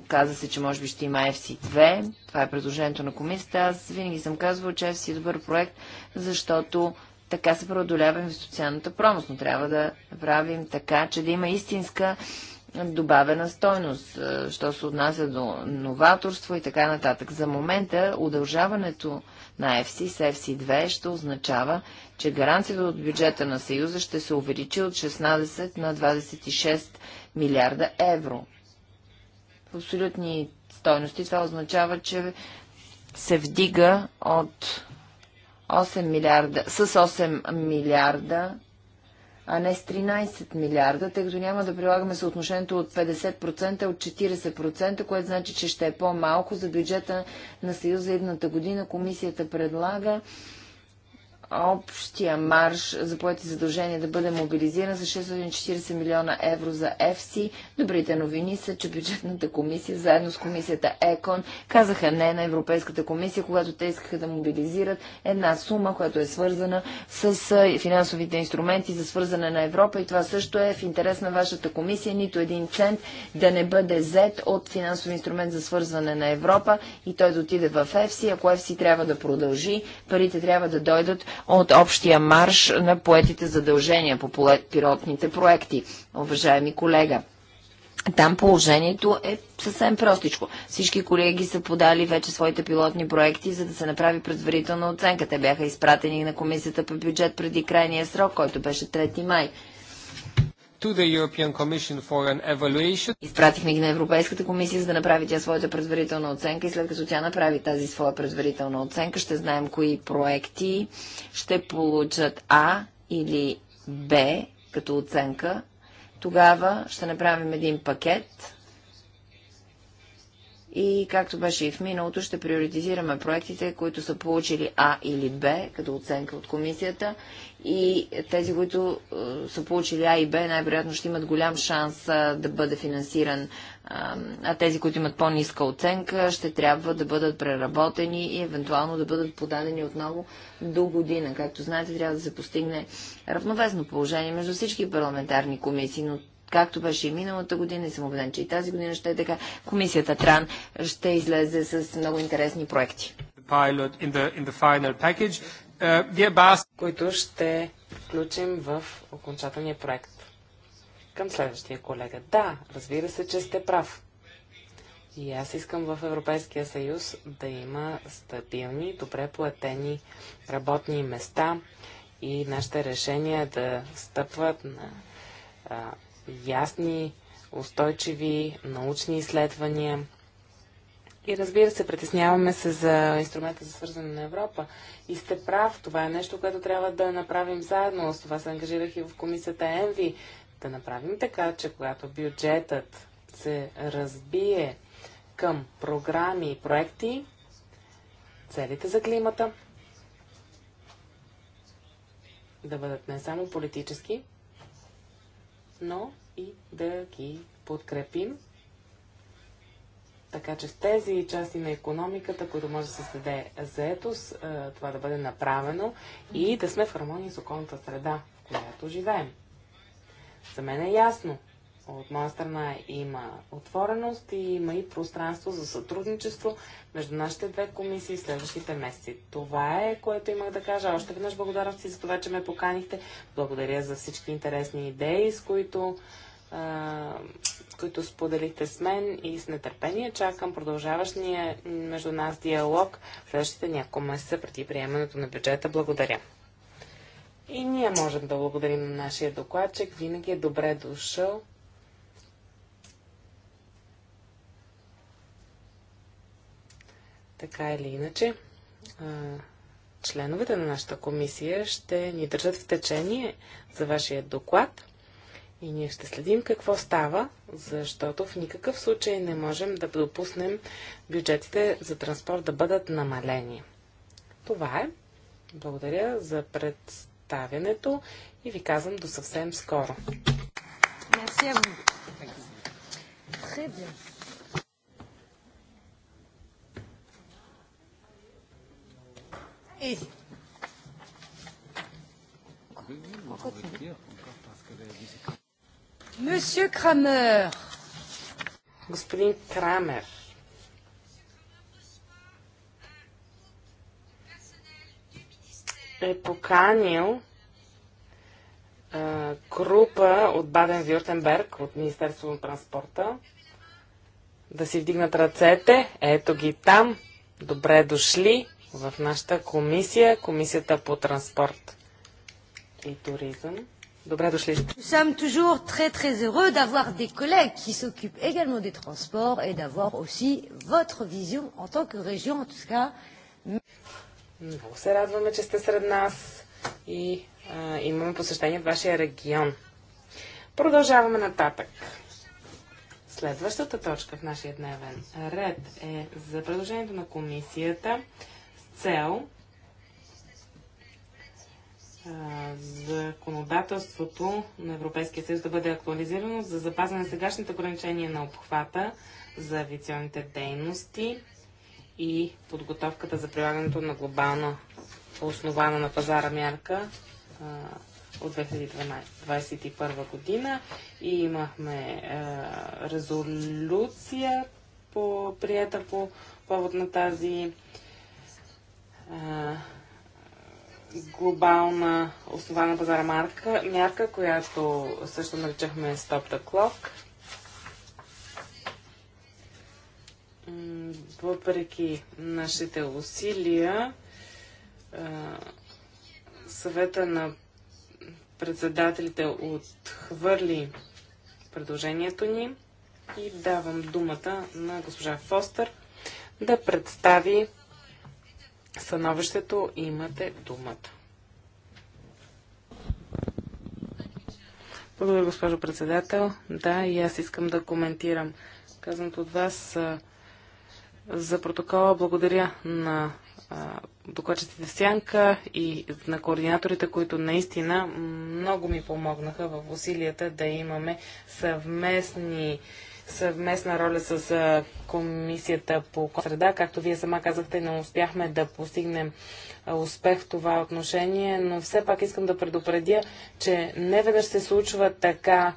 Speaker 4: Каза се, че може би ще има Ефси 2 Това е предложението на комисията. Аз винаги съм казвал, че FC е добър проект, защото така се преодоляваме в социалната промост, но трябва да правим така, че да има истинска добавена стойност, е, що се отнася до новаторство и така нататък. За момента удължаването на FC с FC2 ще означава, че гаранцията от бюджета на Съюза ще се увеличи от 16 на 26 милиарда евро. В абсолютни стойности това означава, че се вдига от 8 милиарда, с 8 милиарда, а не с 13 милиарда, тъй като няма да прилагаме съотношението от 50% от 40%, което значи, че ще е по-малко за бюджета на Съюза едната година. Комисията предлага общия марш за поети задължения да бъде мобилизиран за 640 милиона евро за ЕФСИ. Добрите новини са, че бюджетната комисия, заедно с комисията ЕКОН, казаха не на Европейската комисия, когато те искаха да мобилизират една сума, която е свързана с финансовите инструменти за свързане на Европа. И това също е в интерес на вашата комисия. Нито един цент да не бъде зет от финансов инструмент за свързване на Европа и той да отиде в ЕФСИ. Ако ЕФСИ трябва да продължи, парите трябва да дойдат от общия марш на поетите задължения по пилотните проекти, уважаеми колега. Там положението е съвсем простичко. Всички колеги са подали вече своите пилотни проекти, за да се направи предварителна оценка. Те бяха изпратени на комисията по бюджет преди крайния срок, който беше 3 май
Speaker 3: to the European Commission for an evaluation. Изпратихме
Speaker 4: ги на Европейската комисия, за да направи тя своята предварителна оценка и след като тя направи тази своя предварителна оценка, ще знаем кои проекти ще получат А или Б като оценка. Тогава ще направим един пакет и както беше и в миналото, ще приоритизираме проектите, които са получили А или Б, като оценка от комисията и тези, които е, са получили А и Б, най-вероятно ще имат голям шанс е, да бъде финансиран, е, а тези, които имат по-ниска оценка, ще трябва да бъдат преработени и евентуално да бъдат подадени отново до година. Както знаете, трябва да се постигне равновесно положение между всички парламентарни комисии, но както беше и миналата година, и съм убеден, че и тази година ще е така. Комисията Тран ще излезе с
Speaker 2: много интересни проекти.
Speaker 3: Uh, които
Speaker 2: ще включим в окончателния проект. Към следващия колега. Да, разбира се, че сте прав. И аз искам в Европейския съюз да има стабилни, добре платени работни места и нашите решения да стъпват на а, ясни, устойчиви научни изследвания. И разбира се, притесняваме се за инструмента за свързане на Европа. И сте прав, това е нещо, което трябва да направим заедно. С това се ангажирах и в комисията ЕНВИ. Да направим така, че когато бюджетът се разбие към програми и проекти, целите за климата да бъдат не само политически, но и да ги подкрепим. Така че в тези части на економиката, които може да се създаде заетост, това да бъде направено и да сме в хармония с околната среда, в която живеем. За мен е ясно, от моя страна има отвореност и има и пространство за сътрудничество между нашите две комисии следващите месеци. Това е, което имах да кажа. Още веднъж благодаря си за това, че ме поканихте. Благодаря за всички интересни идеи, с които които споделихте с мен и с нетърпение чакам продължаващия между нас диалог в следващите няколко месеца преди приемането на бюджета. Благодаря. И ние можем да благодарим на нашия докладчик. Винаги е добре дошъл Така или иначе, членовете на нашата комисия ще ни държат в течение за вашия доклад и ние ще следим какво става, защото в никакъв случай не можем да допуснем бюджетите за транспорт да бъдат намалени. Това е. Благодаря за представянето и ви казвам до съвсем скоро.
Speaker 1: Merci à vous. Très bien. Et... Monsieur
Speaker 2: Kramer. Господин Крамер. е поканил група от Баден-Вюртенберг, от Министерство на транспорта, да си вдигнат ръцете. Ето ги там. Добре дошли в нашата комисия, комисията по транспорт и туризъм. Добре дошли. Nous
Speaker 1: sommes toujours très très heureux d'avoir des collègues qui s'occupent également des transports et d'avoir aussi votre vision en tant que
Speaker 2: région en tout cas. Много се радваме, че сте сред нас и а, имаме посещение в вашия регион. Продължаваме нататък. Следващата точка в нашия дневен ред е за предложението на комисията цел законодателството на Европейския съюз да бъде актуализирано за запазване на сегашните ограничения на обхвата за авиационните дейности и подготовката за прилагането на глобална основана на пазара мярка от 2021 година. И имахме резолюция по, прията по повод на тази глобална основана пазара марка, мярка, която също наричахме Stop the Clock. Въпреки нашите усилия, съвета на председателите отхвърли предложението ни и давам думата на госпожа Фостер, да представи становището. Имате думата. Благодаря, госпожо председател. Да, и аз искам да коментирам казаното от вас за протокола. Благодаря на докладчиците Сянка и на координаторите, които наистина много ми помогнаха в усилията да имаме съвместни съвместна роля с Комисията по среда. Както вие сама казахте, не успяхме да постигнем успех в това отношение, но все пак искам да предупредя, че не веднъж се случва така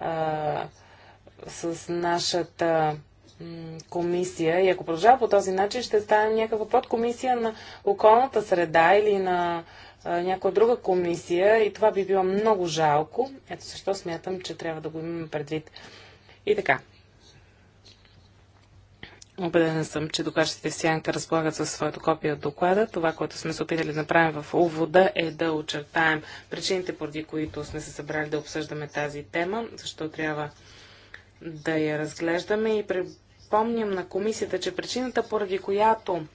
Speaker 2: а, с нашата комисия и ако продължава по този начин, ще стане някаква подкомисия на околната среда или на някоя друга комисия и това би било много жалко. Ето защо смятам, че трябва да го имаме предвид. И така, Обедена съм, че докажете в Сянка разполагат със своето копие от доклада. Това, което сме се опитали да направим в увода е да очертаем причините, поради които сме се събрали да обсъждаме тази тема, защо трябва да я разглеждаме и припомням на комисията, че причината, поради която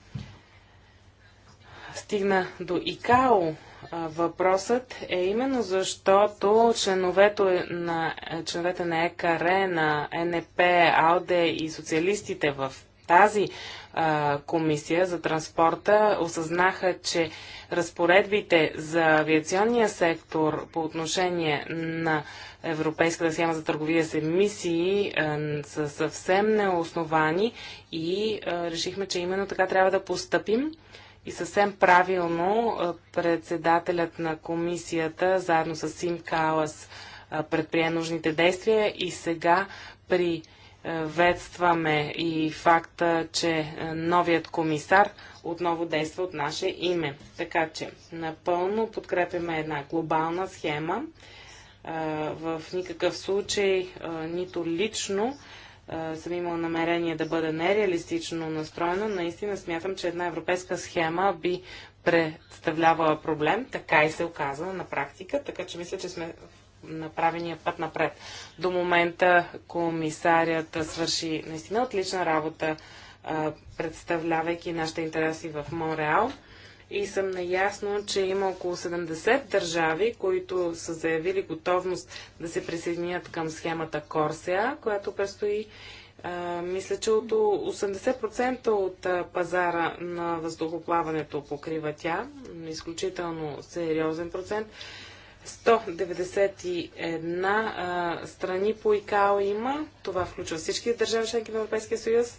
Speaker 2: стигна до ИКАО въпросът е именно защото членовете на, членовете на ЕКР, на НП, АЛДЕ и социалистите в тази а, комисия за транспорта осъзнаха, че разпоредбите за авиационния сектор по отношение на Европейската схема за търговия с емисии а, са съвсем неосновани и а, решихме, че именно така трябва да постъпим. И съвсем правилно председателят на комисията, заедно с Сим Калас, предприе нужните действия и сега при приветстваме е, и факта, че е, новият комисар отново действа от наше име. Така че напълно подкрепяме една глобална схема. Е, В никакъв случай, нито лично, съм имала намерение да бъде нереалистично настроена. Наистина смятам, че една европейска схема би представлявала проблем. Така и се оказва на практика, така че мисля, че сме направения път напред. До момента комисарят свърши наистина отлична работа, представлявайки нашите интереси в Монреал. И съм наясно, че има около 70 държави, които са заявили готовност да се присъединят към схемата Корсеа, която предстои мисля, че от 80% от пазара на въздухоплаването покрива тя. Изключително сериозен процент. 191 а, страни по ИКАО има. Това включва всички държави членки на Европейския съюз.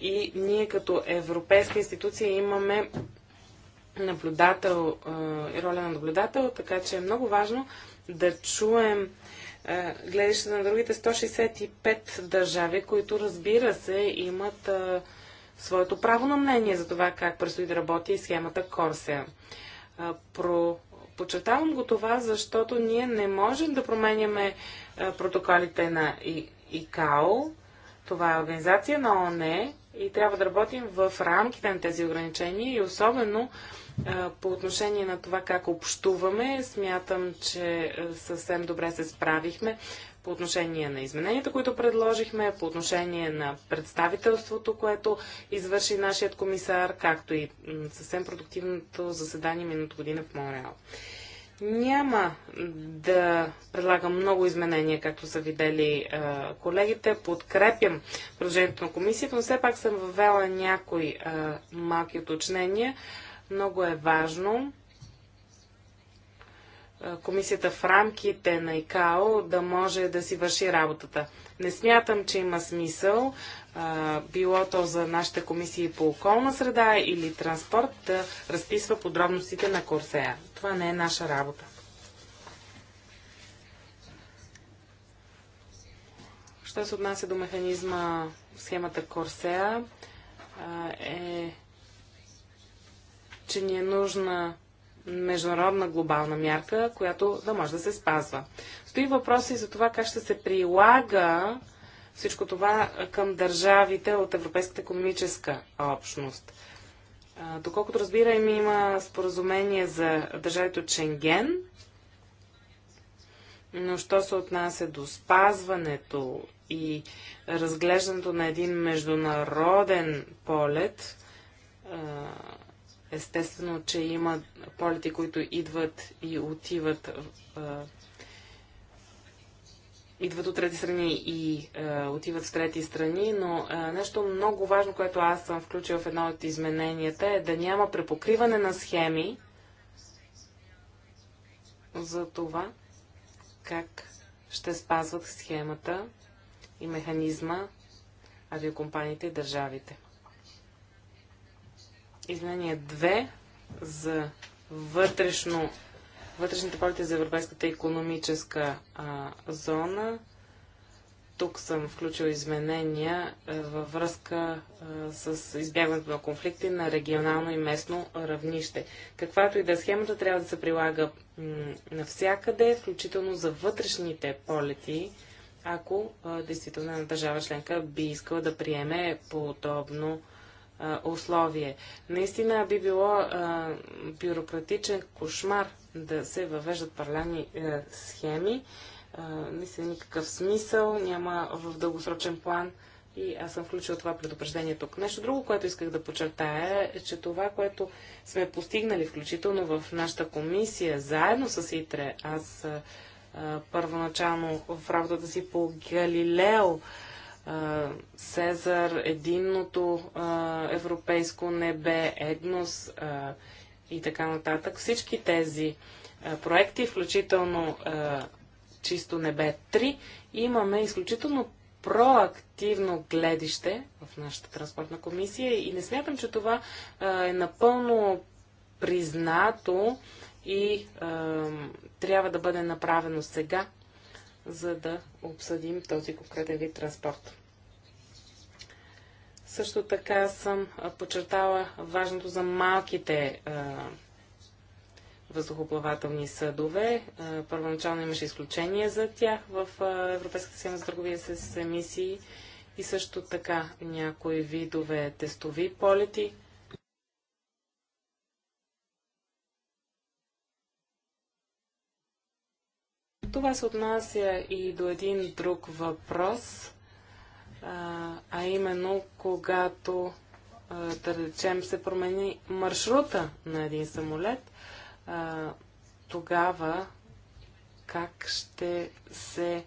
Speaker 2: И ние като европейска институция имаме наблюдател а, и роля на наблюдател, така че е много важно да чуем а, гледащите на другите 165 държави, които разбира се имат а, своето право на мнение за това как предстои да работи и схемата Корсея. Про Почетавам го това, защото ние не можем да променяме е, протоколите на ИКАО. Това е организация на ООН и трябва да работим в рамките на тези ограничения и особено е, по отношение на това как общуваме, смятам, че е, съвсем добре се справихме по отношение на измененията, които предложихме, по отношение на представителството, което извърши нашият комисар, както и съвсем продуктивното заседание минуто година в Монреал. Няма да предлагам много изменения, както са видели е, колегите. Подкрепям предложението на комисията, но все пак съм въвела някои е, малки уточнения. Много е важно комисията в рамките на ИКАО да може да си върши работата. Не смятам, че има смисъл, било то за нашите комисии по околна среда или транспорт, да разписва подробностите на Корсея. Това не е наша работа. Що се отнася до механизма, в схемата Корсея, е, че ни е нужна международна глобална мярка, която да може да се спазва. Стои въпроси за това как ще се прилага всичко това към държавите от Европейската економическа общност. Доколкото разбирам, има споразумение за държавите от Шенген, но що се отнася до спазването и разглеждането на един международен полет, Естествено, че има полети, които идват и отиват идват от трети страни и е, отиват в трети страни, но е, нещо много важно, което аз съм включил в едно от измененията е да няма препокриване на схеми за това как ще спазват схемата и механизма авиокомпаниите и държавите. Изменение 2 за вътрешно, вътрешните полите за Европейската економическа а, зона. Тук съм включил изменения а, във връзка а, с избягването на конфликти на регионално и местно равнище. Каквато и да е схемата, трябва да се прилага навсякъде, включително за вътрешните полети, ако а, действително една държава членка би искала да приеме подобно условие. Наистина би било а, бюрократичен кошмар да се въвеждат паралелни е, схеми. А, наистина никакъв смисъл няма в дългосрочен план. И аз съм включил това предупреждение тук. Нещо друго, което исках да подчертая е, че това, което сме постигнали, включително в нашата комисия, заедно с ИТРЕ, аз а, първоначално в работата си по Галилео, Сезар, Единното европейско небе, Еднос, и така нататък. Всички тези проекти, включително Чисто небе 3, имаме изключително проактивно гледище в нашата транспортна комисия и не смятам, че това е напълно признато и трябва да бъде направено сега, за да обсъдим този конкретен вид транспорт. Също така съм подчертала важното за малките въздухоплавателни съдове. първоначално имаше изключение за тях в Европейската схема за търговия с емисии и също така някои видове тестови полети – Това се отнася и до един друг въпрос, а, а именно когато, а, да речем, се промени маршрута на един самолет, а, тогава как ще се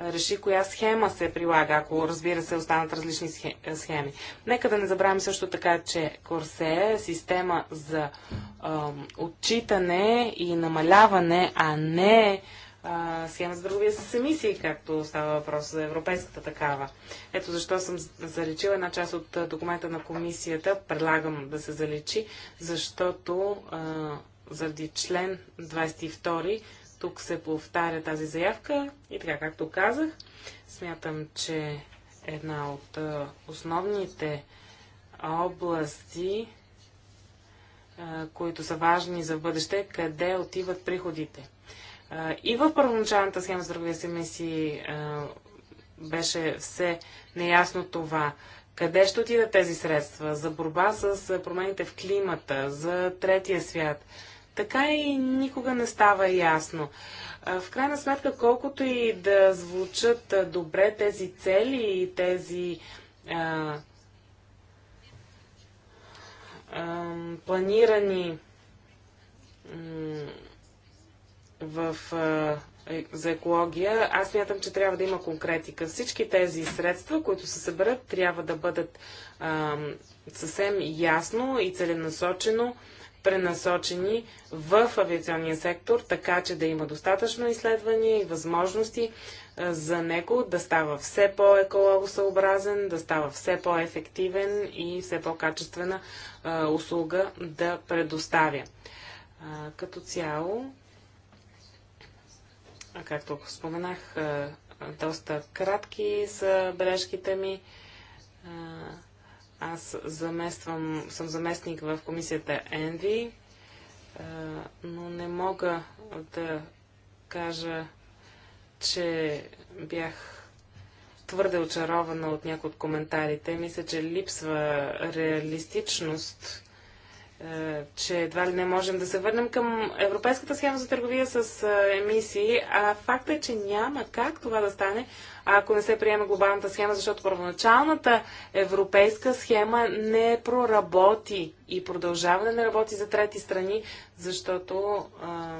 Speaker 2: реши коя схема се прилага, ако разбира се останат различни схеми. Нека да не забравим също така, че Корсея е система за отчитане и намаляване, а не схема за търговия с емисии, както става въпрос за европейската такава. Ето защо съм заличила една част от документа на комисията. Предлагам да се заличи, защото а, заради член 22 тук се повтаря тази заявка и така, както казах, смятам, че една от основните области, които са важни за бъдеще, къде отиват приходите. И в първоначалната схема за търговия с беше все неясно това. Къде ще отидат тези средства? За борба с промените в климата, за третия свят. Така и никога не става ясно. В крайна сметка, колкото и да звучат добре тези цели и тези а, а, планирани в, е, за екология, аз мятам, че трябва да има конкретика. Всички тези средства, които се съберат, трябва да бъдат а, съвсем ясно и целенасочено пренасочени в авиационния сектор, така че да има достатъчно изследвания и възможности за него да става все по-екологосъобразен, да става все по-ефективен и все по-качествена услуга да предоставя. Като цяло, както споменах, доста кратки са бележките ми. Аз замествам, съм заместник в комисията Енви, но не мога да кажа, че бях твърде очарована от някои от коментарите. Мисля, че липсва реалистичност е, че едва ли не можем да се върнем към Европейската схема за търговия с е, емисии, а факта е, че няма как това да стане, ако не се приеме глобалната схема, защото първоначалната европейска схема не проработи и продължава да не работи за трети страни, защото а,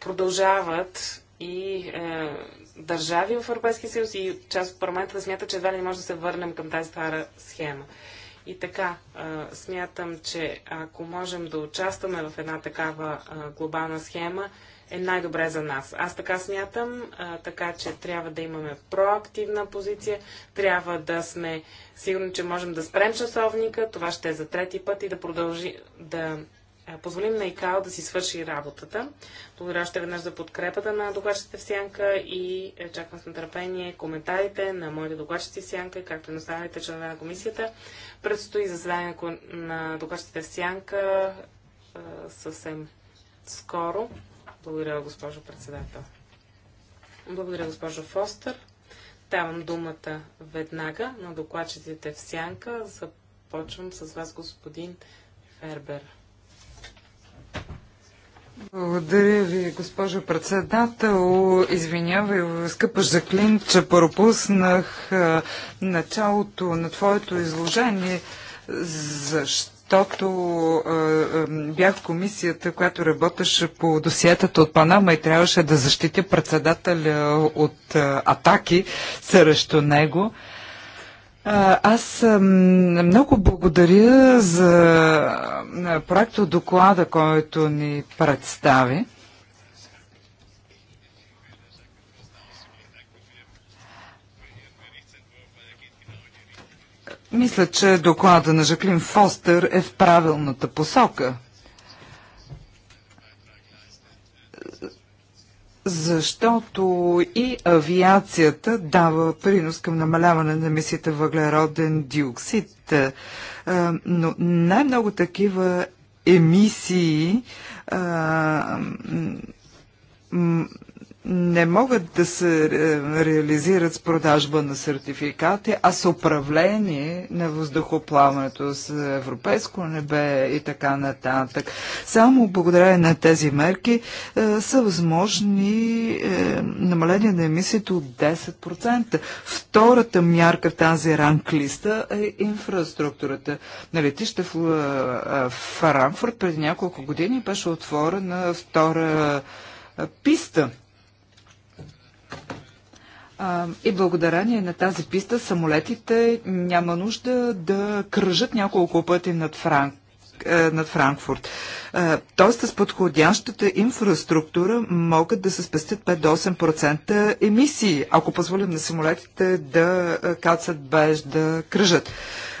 Speaker 2: продължават и а, е, държави в Европейския съюз и част от парламента да смятат, че едва ли не може да се върнем към тази стара схема. И така, смятам, че ако можем да участваме в една такава глобална схема, е най-добре за нас. Аз така смятам, така че трябва да имаме проактивна позиция, трябва да сме сигурни, че можем да спрем часовника, това ще е за трети път и да продължи да позволим на ИКАО да си свърши работата. Благодаря още веднъж за подкрепата на докладчите в Сянка и е, чакам с нетърпение коментарите на моите докладчици в Сянка, както и на останалите членове на комисията. Предстои заседание на докладчите в Сянка е, съвсем скоро. Благодаря, госпожо председател. Благодаря, госпожо Фостер. Давам думата веднага на докладчиците в Сянка. Започвам с вас, господин Фербер.
Speaker 3: Благодаря ви, госпожо председател. Извинявай, скъпа Жаклин, че пропуснах началото на твоето изложение, защото бях в комисията, която работеше по досиетата от Панама и трябваше да защитя председателя от атаки срещу него. Аз много благодаря за проекто доклада, който ни представи. Мисля, че доклада на Жаклин Фостер е в правилната посока. защото и авиацията дава принос към намаляване на емисията въглероден диоксид. Е, но най-много такива емисии е, не могат да се е, реализират с продажба на сертификати, а с управление на въздухоплаването с европейско небе и така нататък. Само благодарение на тези мерки е, са възможни е, намаления на емисиите от 10%. Втората мярка в тази ранглиста е инфраструктурата. На летище в, в е, е, Франкфурт преди няколко години беше отворена втора писта и благодарение на тази писта самолетите няма нужда да кръжат няколко пъти над Франк е, над Франкфурт. Е, тоест с подходящата инфраструктура могат да се спестят 5 до 8% емисии, ако позволим на самолетите да е, кацат без да кръжат.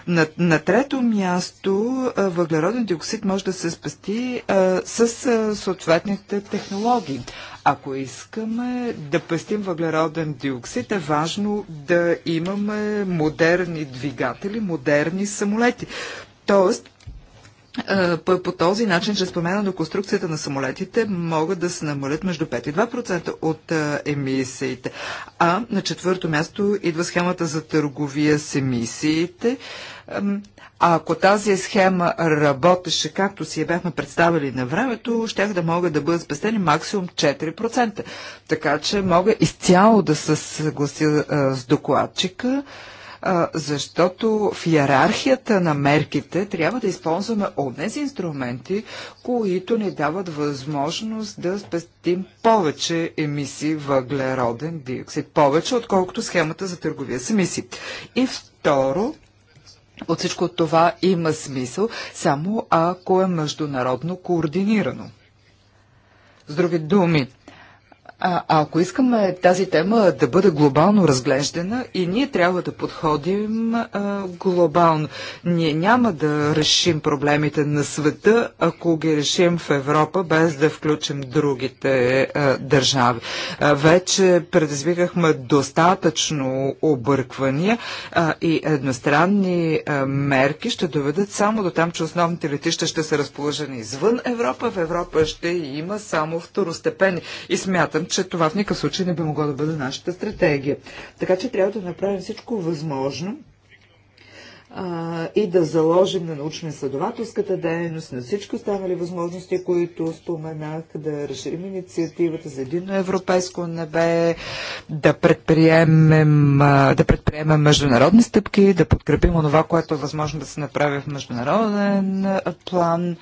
Speaker 3: На, на трето място въглероден диоксид може да се спасти а, с а, съответните технологии. Ако искаме да пестим въглероден диоксид, е важно да имаме модерни двигатели, модерни самолети. Тоест, по, по този начин, чрез промяна на конструкцията на самолетите, могат да се намалят между 5 и 2% от а, емисиите. А на четвърто място идва схемата за търговия с емисиите. А, а ако тази схема работеше както си я бяхме представили на времето, щях да могат да бъдат спестени максимум 4%. Така че мога изцяло да се съглася с докладчика, защото в иерархията на мерките трябва да използваме онези инструменти, които ни дават възможност да спестим повече емисии въглероден диоксид, повече отколкото схемата за търговия с емисии. И второ, от всичко това има смисъл, само ако е международно координирано. С други думи, а, ако искаме тази тема да бъде глобално разглеждана и ние трябва да подходим а, глобално, ние няма да решим проблемите на света, ако ги решим в Европа, без да включим другите а, държави. А, вече предизвикахме достатъчно обърквания а, и едностранни а, мерки ще доведат само до там, че основните летища ще са разположени извън Европа. В Европа ще има само второстепени. И смятам, че това в никакъв случай не би могло да бъде нашата стратегия. Така че трябва да направим всичко възможно а, и да заложим на научно-изследователската дейност, на всички останали възможности, които споменах, да разширим инициативата за единно европейско небе, да предприемем, да предприемем международни стъпки, да подкрепим онова, което е възможно да се направи в международен план.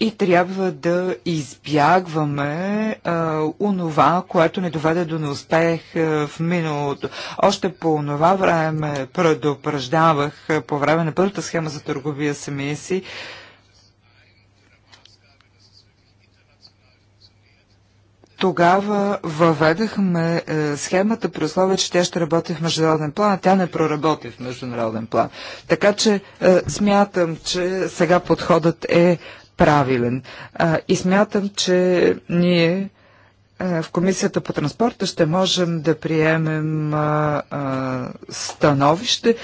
Speaker 3: и трябва да избягваме а, онова, което не доведе до неуспех а, в миналото. Още по това време предупреждавах а, по време на първата схема за търговия с емисии, Тогава въведахме е, схемата при условие, че тя ще работи в международен план, а тя не проработи в международен план. Така че е, смятам, че сега подходът е правилен. и смятам, че ние е, в Комисията по транспорта ще можем да приемем становище,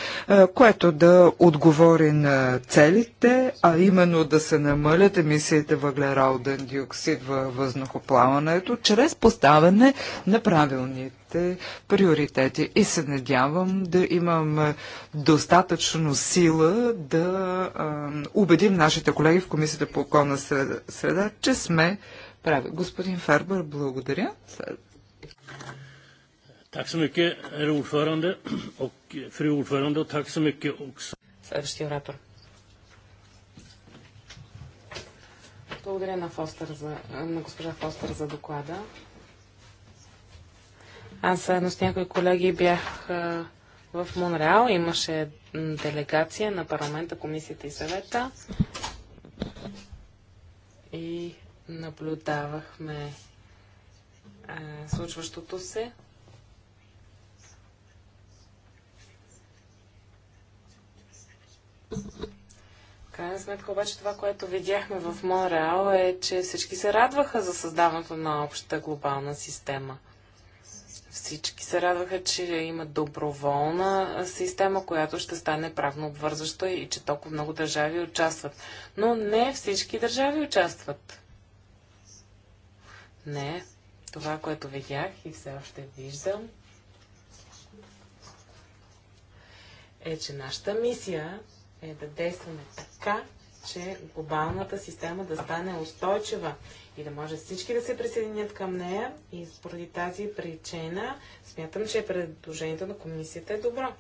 Speaker 3: което да отговори на целите, а именно да се намалят емисиите въглероден диоксид във въздухоплаването, чрез поставяне на правилните приоритети. И се надявам да имам достатъчно сила да убедим нашите колеги в Комисията по околна среда, че сме прави. Господин Фарбър, благодаря.
Speaker 2: Так съм mycket, herr Следващия оратор. Благодаря на, Фостер за, на госпожа Фостер за доклада. Аз заедно с някои колеги бях в Монреал. Имаше делегация на парламента, комисията и съвета. И наблюдавахме а, случващото се. В крайна сметка обаче това, което видяхме в Монреал е, че всички се радваха за създаването на общата глобална система. Всички се радваха, че има доброволна система, която ще стане правно обвързваща и че толкова много държави участват. Но не всички държави участват. Не, това, което видях и все още виждам, е, че нашата мисия е да действаме така, че глобалната система да стане устойчива и да може всички да се присъединят към нея. И поради тази причина смятам, че предложението на комисията е добро.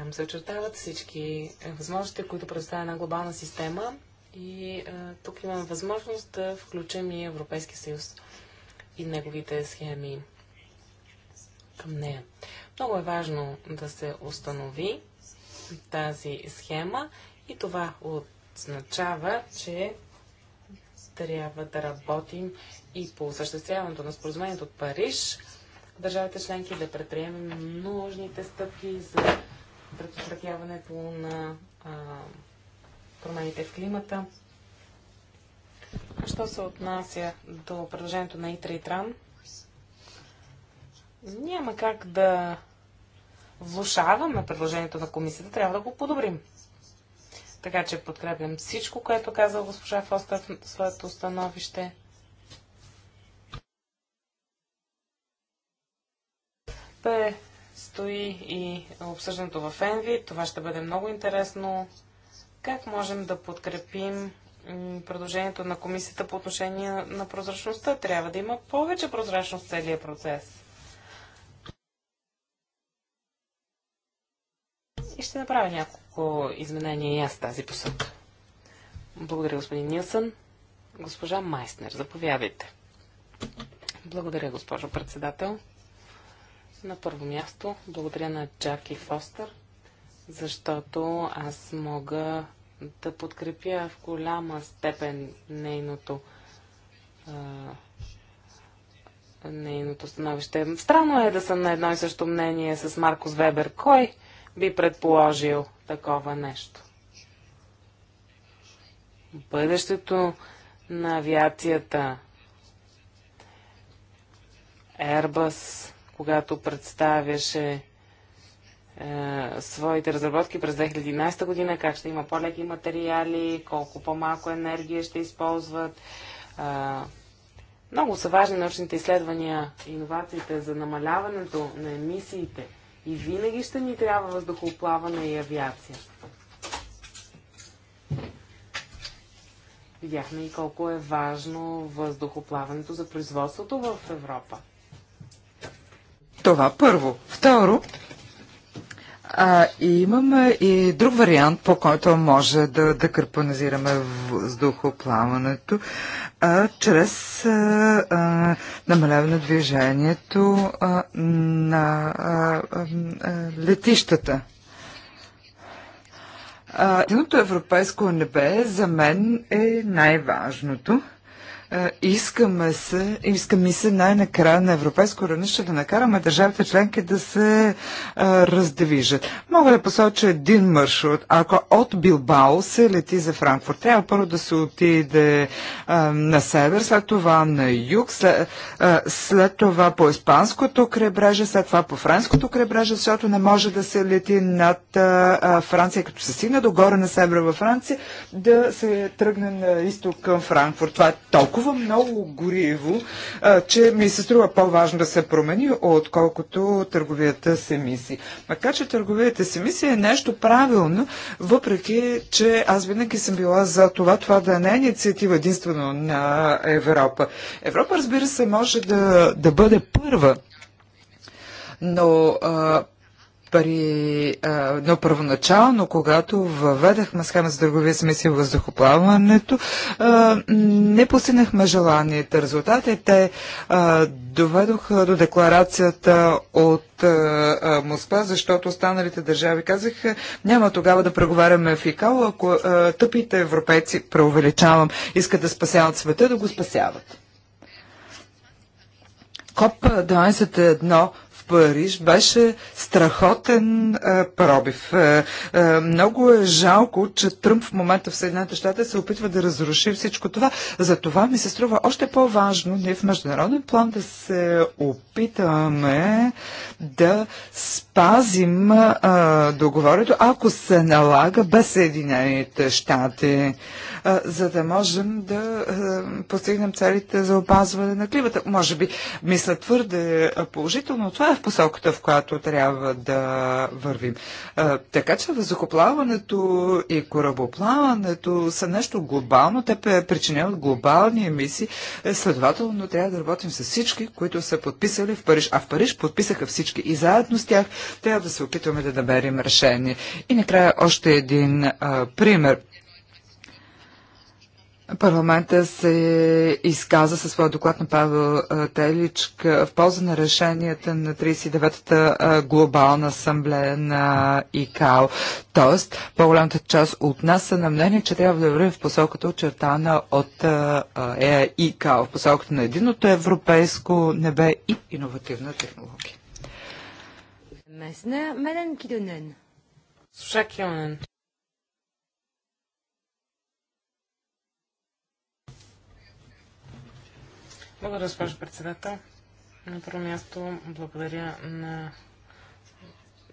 Speaker 2: Там се очертават всички е, възможности, които представя една глобална система и а, е, тук имаме възможност да включим и Европейския съюз и неговите схеми към нея. Много е важно да се установи тази схема и това означава, че трябва да работим и по осъществяването на споразумението от Париж, държавите членки да предприемем нужните стъпки за предотвратяването на а, промените в климата. Що се отнася до предложението на ИТРА и ТРАН, няма как да влушаваме предложението на комисията, трябва да го подобрим. Така че подкрепям всичко, което каза госпожа Фостер в своето становище. Бе Стои и обсъждането в Енви. Това ще бъде много интересно. Как можем да подкрепим предложението на комисията по отношение на прозрачността? Трябва да има повече прозрачност в целия процес. И ще направя няколко изменения и аз тази посока. Благодаря, господин Нилсън. Госпожа Майснер, заповядайте. Благодаря, госпожо председател. На първо място, благодаря на Джаки Фостер, защото аз мога да подкрепя в голяма степен нейното а, нейното становище. Странно е да съм на едно и също мнение с Маркос Вебер. Кой би предположил такова нещо? Бъдещето на авиацията, Airbus, когато представяше е, своите разработки през 2011 година, как ще има по-леки материали, колко по-малко енергия ще използват. много са важни научните изследвания, иновациите за намаляването на емисиите. И винаги ще ни трябва въздухоплаване и авиация. Видяхме и колко е важно въздухоплаването за производството в Европа.
Speaker 3: Това първо. Второ, а, имаме и друг вариант, по който може да, да карпонизираме въздухоплаването, а, чрез намаляване движението а, на а, а, летищата. Единото европейско небе за мен е най-важното. Е, искаме се, иска се най-накрая на европейско равнище да накараме държавите членки да се а, е, раздвижат. Мога да посоча един маршрут. Ако от Билбао се лети за Франкфурт, трябва първо да се отиде а, е, на север, след това на юг, след, а, след това по испанското крайбреже, след това по френското крайбреже, защото не може да се лети над а, а, Франция, като се стигне догоре на север във Франция, да се тръгне на изток към Франкфурт. Това е толкова толкова много гориво, че ми се струва по-важно да се промени, отколкото търговията с емисии. Макар, че търговията с емисии е нещо правилно, въпреки, че аз винаги съм била за това, това да не е инициатива единствено на Европа. Европа, разбира се, може да, да бъде първа но а, при, а, но първоначално, когато въведахме схема за търговия с мисия въздухоплаването, а, не постигнахме желаните резултати. Те а, доведоха до декларацията от а, а, Москва, защото останалите държави казаха, няма тогава да преговаряме в ИКАО, ако а, тъпите европейци, преувеличавам, искат да спасяват света, да го спасяват. КОП 21 Париж беше страхотен а, пробив. А, а, много е жалко, че Тръмп в момента в Съединените щати се опитва да разруши всичко това. За това ми се струва още по-важно ние в международен план да се опитаме да спазим договорето, ако се налага без Съединените щати за да можем да постигнем целите за опазване на климата. Може би мисля твърде положително, но това е в посоката, в която трябва да вървим. Така че въздухоплаването и корабоплаването са нещо глобално. Те причиняват глобални емисии. Е, следователно трябва да работим с всички, които са подписали в Париж. А в Париж подписаха всички. И заедно с тях трябва да се опитваме да намерим решение. И накрая още един а, пример. Парламента се изказа със своя доклад на Павел Теличка в полза на решенията на 39-та глобална асамблея на ИКАО. Тоест, по-голямата част от нас са на мнение, че трябва да вървим в посоката очертана от е, ИКАО, в посоката на единото европейско небе и иновативна технология.
Speaker 1: Меден Кидонен.
Speaker 2: Слушай, Благодаря, госпожо председател. На първо място благодаря на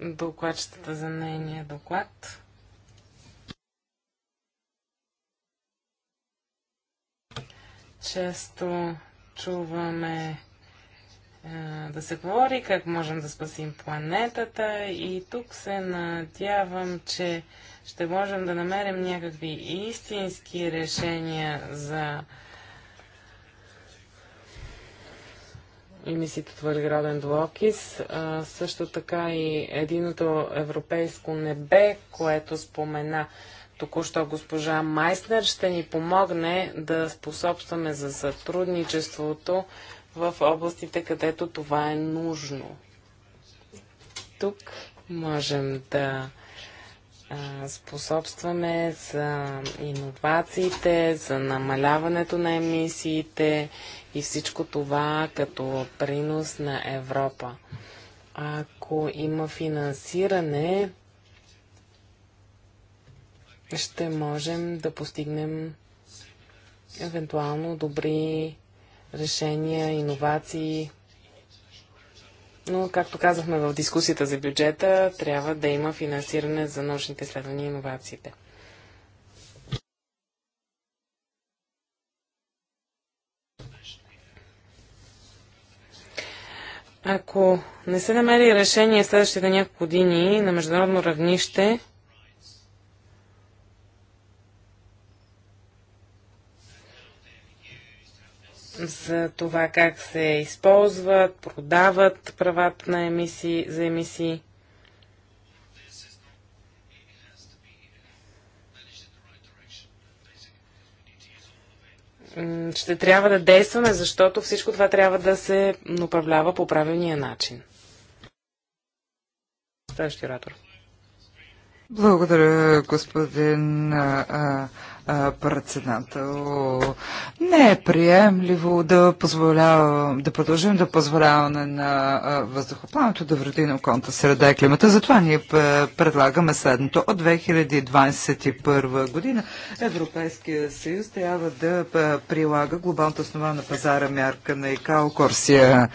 Speaker 2: докладчетата за нейния доклад. Често чуваме е, да се говори как можем да спасим планетата и тук се надявам, че ще можем да намерим някакви истински решения за емисиите от въглероден двуокис, а, също така и единото европейско небе, което спомена току-що госпожа Майснер, ще ни помогне да способстваме за сътрудничеството в областите, където това е нужно. Тук можем да способстваме за иновациите, за намаляването на емисиите и всичко това като принос на Европа. Ако има финансиране, ще можем да постигнем евентуално добри решения, иновации. Но, както казахме в дискусията за бюджета, трябва да има финансиране за научните изследвания и иновациите. Ако не се намери решение следващите няколко години на международно равнище, за това как се използват, продават правата на емисии, за емисии. ще трябва да действаме, защото всичко това трябва да се управлява по правилния начин.
Speaker 3: Следващия оратор. Благодаря, господин а, председател. Не е приемливо да, позволявам, да продължим да позволяваме на въздухоплаването да вреди на околната среда и климата. Затова ние предлагаме следното. От 2021 година Европейския съюз трябва да прилага глобалната основа на пазара мярка на ИКАО Корсия.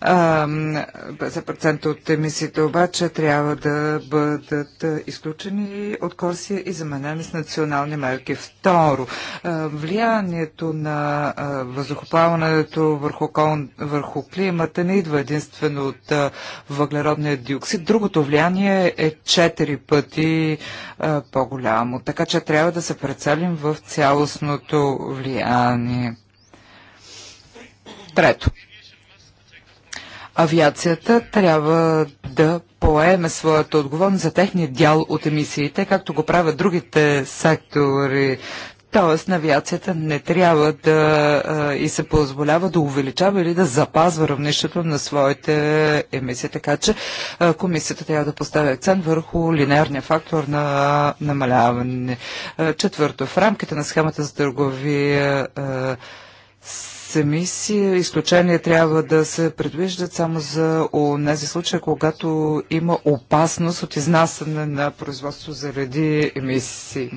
Speaker 3: 50% от емисиите обаче трябва да бъдат изключени от Корсия и заменени с национални мерки. Второ, влиянието на въздухоплаването върху, върху климата не идва единствено от въглеродния диоксид. Другото влияние е 4 пъти по-голямо. Така че трябва да се прецелим в цялостното влияние. Трето авиацията трябва да поеме своята отговорност за техния дял от емисиите, както го правят другите сектори. Тоест, авиацията не трябва да а, и се позволява да увеличава или да запазва равнището на своите емисии. Така че а, комисията трябва да поставя акцент върху линейния фактор на намаляване. А, четвърто, в рамките на схемата за търговия. А, Емисии. емисия. Изключения трябва да се предвиждат само за тези случаи, когато има опасност от изнасяне на производство заради емисии.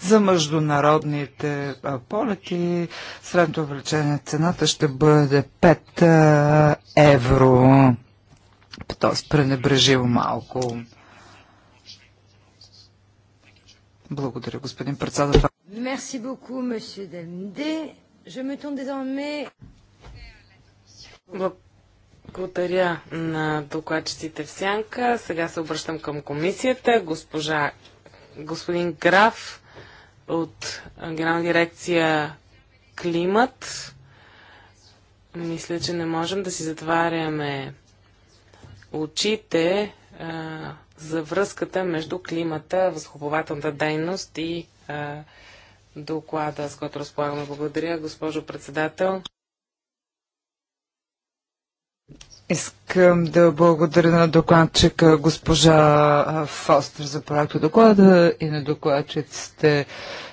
Speaker 3: За международните полети средното увеличение цената ще бъде 5 евро. Тоест пренебрежимо малко. Благодаря, господин председател.
Speaker 1: Merci beaucoup, monsieur Je me tourne désormais...
Speaker 2: Благодаря на докладчиците в Сянка. Сега се обръщам към комисията. Госпожа, господин Граф от Генерална дирекция Климат. Мисля, че не можем да си затваряме очите а, за връзката между климата, възхоплавателната дейност и а, доклада, с който разполагаме. Благодаря, госпожо председател.
Speaker 3: Искам да благодаря на докладчика госпожа Фостер за проекта доклада и на докладчиците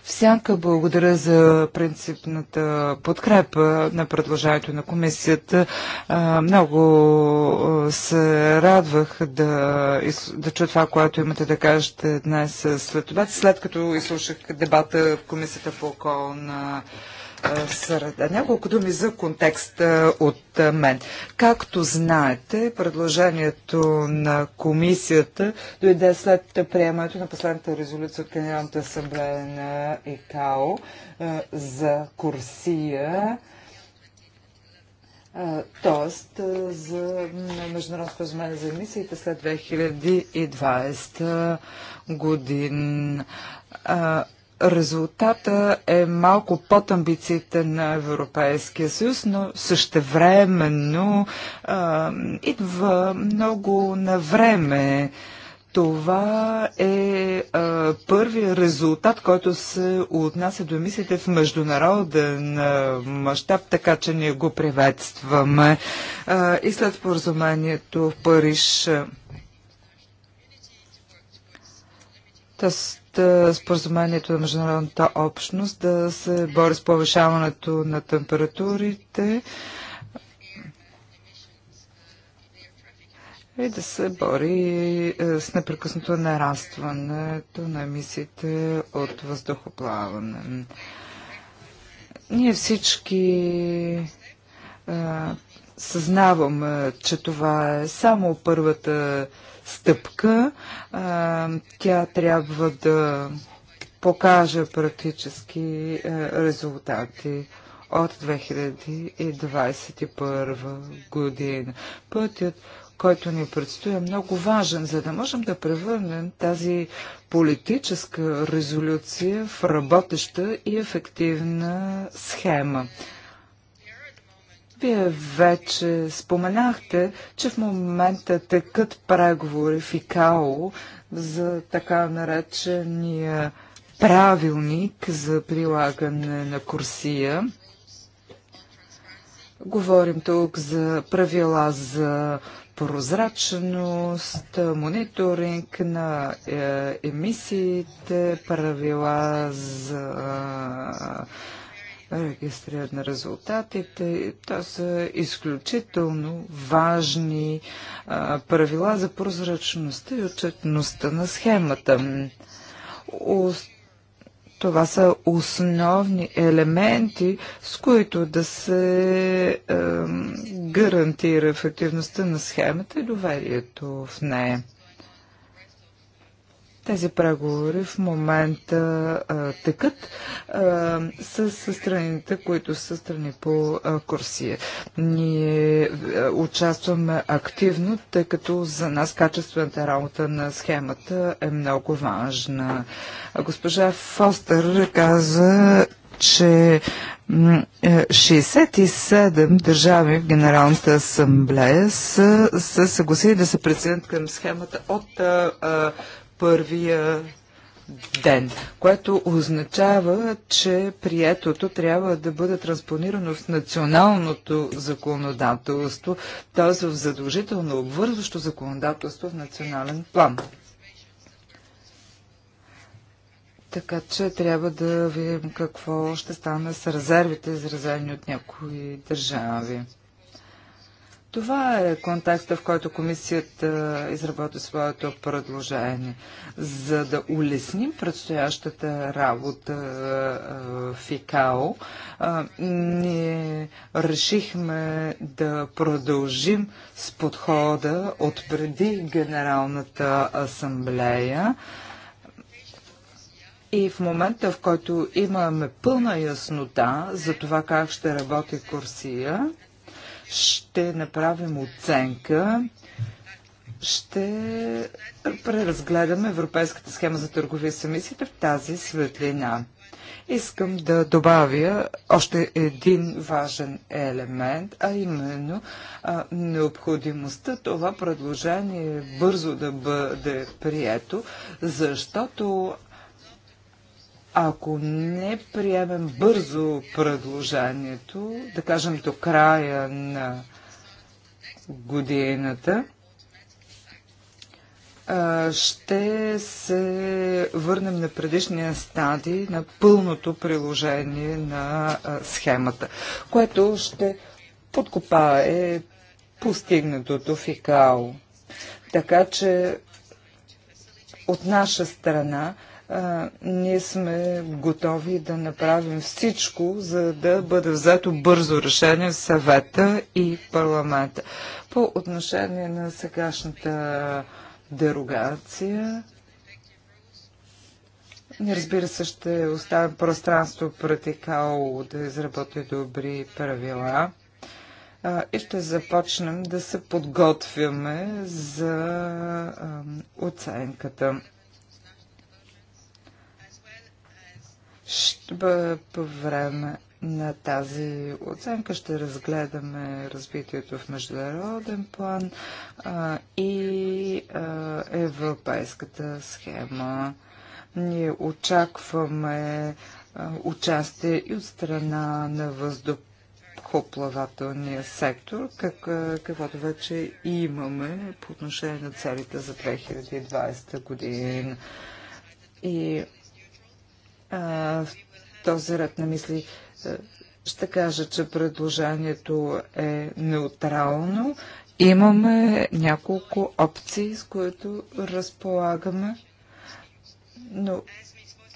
Speaker 3: всяка. Благодаря за принципната подкрепа на предложението на комисията. Много се радвах да, да чуя това, което имате да кажете днес след това, след като изслушах дебата в комисията по околна на среда. Няколко думи за контекста от мен. Както знаете, предложението на комисията дойде след приемането на последната резолюция от Генералната асамблея на ИКАО за Курсия т.е. за международно споразумение за емисиите след 2020 година резултата е малко под амбициите на Европейския съюз, но същевременно а, идва много на време. Това е първият резултат, който се отнася до мислите в международен мащаб, така че ние го приветстваме. А, и след поразумението в Париж. А, Е, споразумението на международната общност да се бори с повишаването на температурите и да се бори е, с непрекъснато нарастването на емисиите от въздухоплаване. Ние всички е, съзнаваме, че това е само първата стъпка. Тя трябва да покаже практически е, резултати от 2021 година. Пътят, който ни предстои е много важен, за да можем да превърнем тази политическа резолюция в работеща и ефективна схема. Вие вече споменахте, че в момента текат преговори в ИКАО за така наречения правилник за прилагане на курсия. Говорим тук за правила за прозрачност, мониторинг на е, емисиите, правила за регистрират на резултатите. То са изключително важни а, правила за прозрачността и отчетността на схемата. Това са основни елементи, с които да се гарантира ефективността на схемата и доверието в нея. Тези преговори в момента а, тъкат а, с, с страните, които са страни по а, Курсия. Ние а, участваме активно, тъй като за нас качествената работа на схемата е много важна. Госпожа Фостер каза, че 67 е, държави в Генералната асамблея са се съгласили да се присъединят към схемата от а, първия ден, което означава, че приетото трябва да бъде транспонирано в националното законодателство, т.е. в задължително обвързващо законодателство в национален план. Така че трябва да видим какво ще стане с резервите, изразени от някои държави. Това е контекста, в който комисията изработи своето предложение. За да улесним предстоящата работа в ИКАО, ние решихме да продължим с подхода от преди Генералната асамблея. И в момента, в който имаме пълна яснота за това как ще работи курсия, ще направим оценка, ще преразгледаме Европейската схема за търговия с емисиите в тази светлина. Искам да добавя още един важен елемент, а именно а, необходимостта това предложение бързо да бъде прието, защото ако не приемем бързо предложението, да кажем до края на годината, ще се върнем на предишния стадий на пълното приложение на схемата, което ще подкопае постигнатото фикао. Така че от наша страна ние сме готови да направим всичко, за да бъде взето бързо решение в съвета и парламента. По отношение на сегашната дерогация, не разбира се ще оставим пространство пратикал да изработи добри правила и ще започнем да се подготвяме за оценката. по време на тази оценка ще разгледаме развитието в международен план а, и а, европейската схема. Ние очакваме а, участие и от страна на въздухоплавателния сектор, как, каквото вече имаме по отношение на целите за 2020 година. И а, този ред на мисли. Е, ще кажа, че предложението е неутрално. Имаме няколко опции, с които разполагаме, но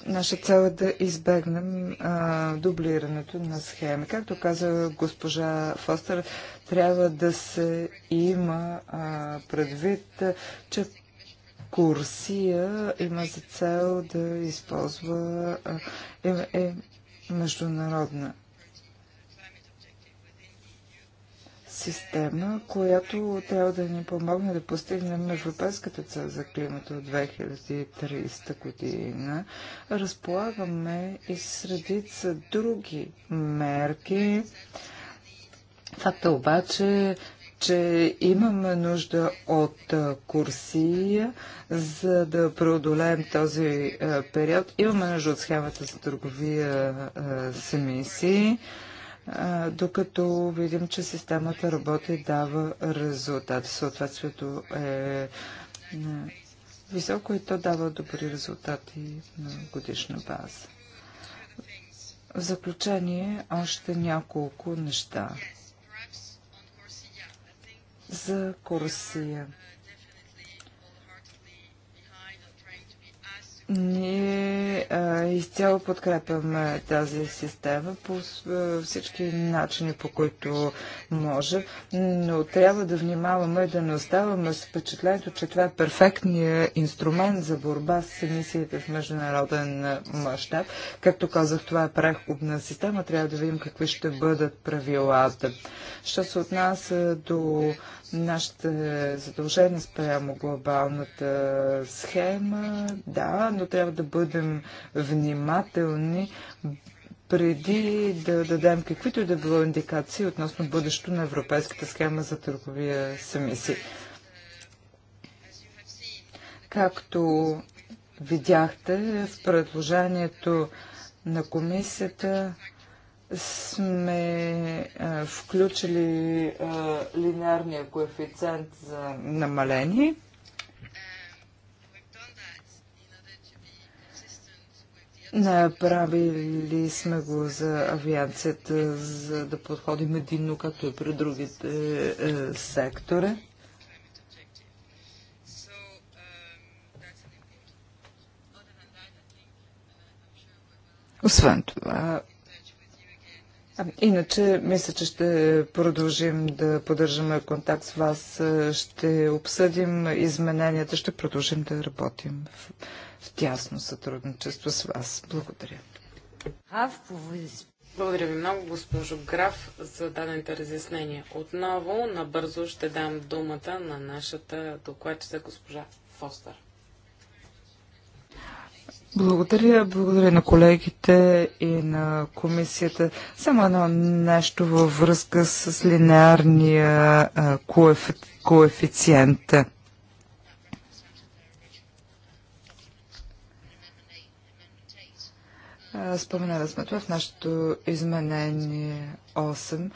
Speaker 3: наша цел е да избегнем а, дублирането на схеми. Както каза госпожа Фостер, трябва да се има а, предвид, че Курсия има за цел да използва е, е, е международна система, която трябва да ни помогне да постигнем европейската цел за климата от 2030 година. Разполагаме и средица други мерки. Факта е обаче че имаме нужда от курсия, за да преодолеем този период. Имаме нужда от схемата за търговия с емисии докато видим, че системата работи и дава резултат. Съответствието е високо и то дава добри резултати на годишна база. В заключение още няколко неща за Корсия. Ние а, изцяло подкрепяме тази система по всички начини, по които може, но трябва да внимаваме да не оставаме с впечатлението, че това е перфектният инструмент за борба с емисиите в международен мащаб. Както казах, това е преходна система, трябва да видим какви ще бъдат правилата. Що се отнася до Нашата задължение спрямо глобалната схема, да, но трябва да бъдем внимателни преди да дадем каквито и да било индикации относно бъдещето на европейската схема за търговия с емисии. Както видяхте в предложението на комисията, сме а, включили а, линарния коефициент за намаление. Направили сме го за авиацията, за да подходим единно, както и при другите е, е сектори. Освен това, Ами, иначе, мисля, че ще продължим да поддържаме контакт с вас, ще обсъдим измененията, ще продължим да работим в, в тясно сътрудничество с вас. Благодаря.
Speaker 2: Благодаря ви много, госпожо Граф, за дадените разяснения. Отново набързо ще дам думата на нашата докладчица госпожа Фостер.
Speaker 3: Благодаря, благодаря на колегите и на комисията. Само едно нещо във връзка с линеарния коефициент. Споменали сме това в нашето изменение 8.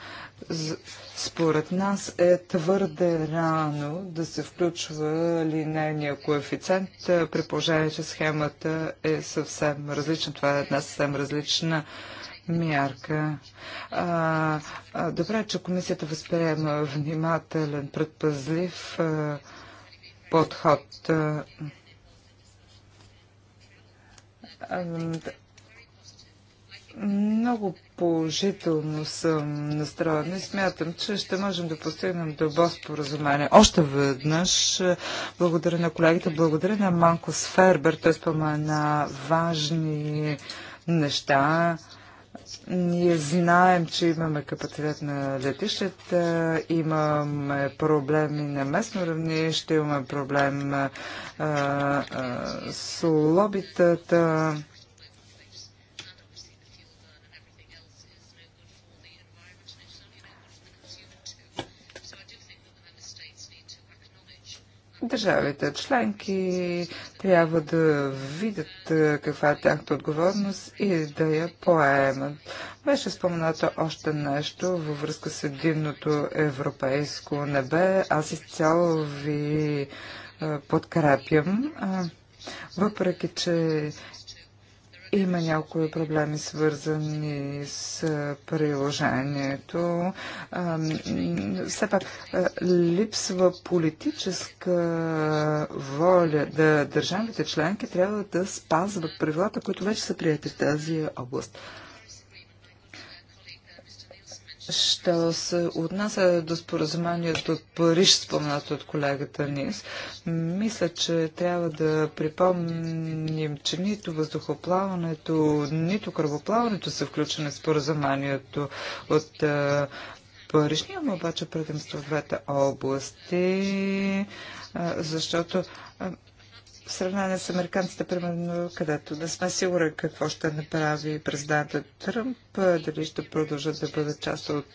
Speaker 3: Според нас е твърде рано да се включва линейния коефициент, при положение, че схемата е съвсем различна. Това е една съвсем различна мярка. А, а, добре, е, че комисията възприема внимателен, предпазлив а, подход. А, много положително съм настроена и смятам, че ще можем да постигнем добро споразумение. Още веднъж е, благодаря на колегите, благодаря на Манко Сфербер, той спомена важни неща. Ние знаем, че имаме капацитет на летищата, имаме проблеми на местно равнище, имаме проблем а, е, а, е, с лобитата. Държавите членки трябва да видят е, каква е тяхната отговорност и да я поемат. Беше споменато още нещо във връзка с единното европейско небе. Аз изцяло ви е, подкрепям. Въпреки, че има някои проблеми свързани с приложението. Все пак липсва политическа воля да държавите членки трябва да спазват правилата, които вече са прияти в тази област. Що се отнася до споразумението от Париж, споменато от колегата Нис, мисля, че трябва да припомним, че нито въздухоплаването, нито кръвоплаването са включени в споразумението от Париж. Няма обаче предимство в двете области, защото в сравнение с американците, примерно, където не сме сигурни какво ще направи президентът Тръмп, дали ще продължат да бъдат част от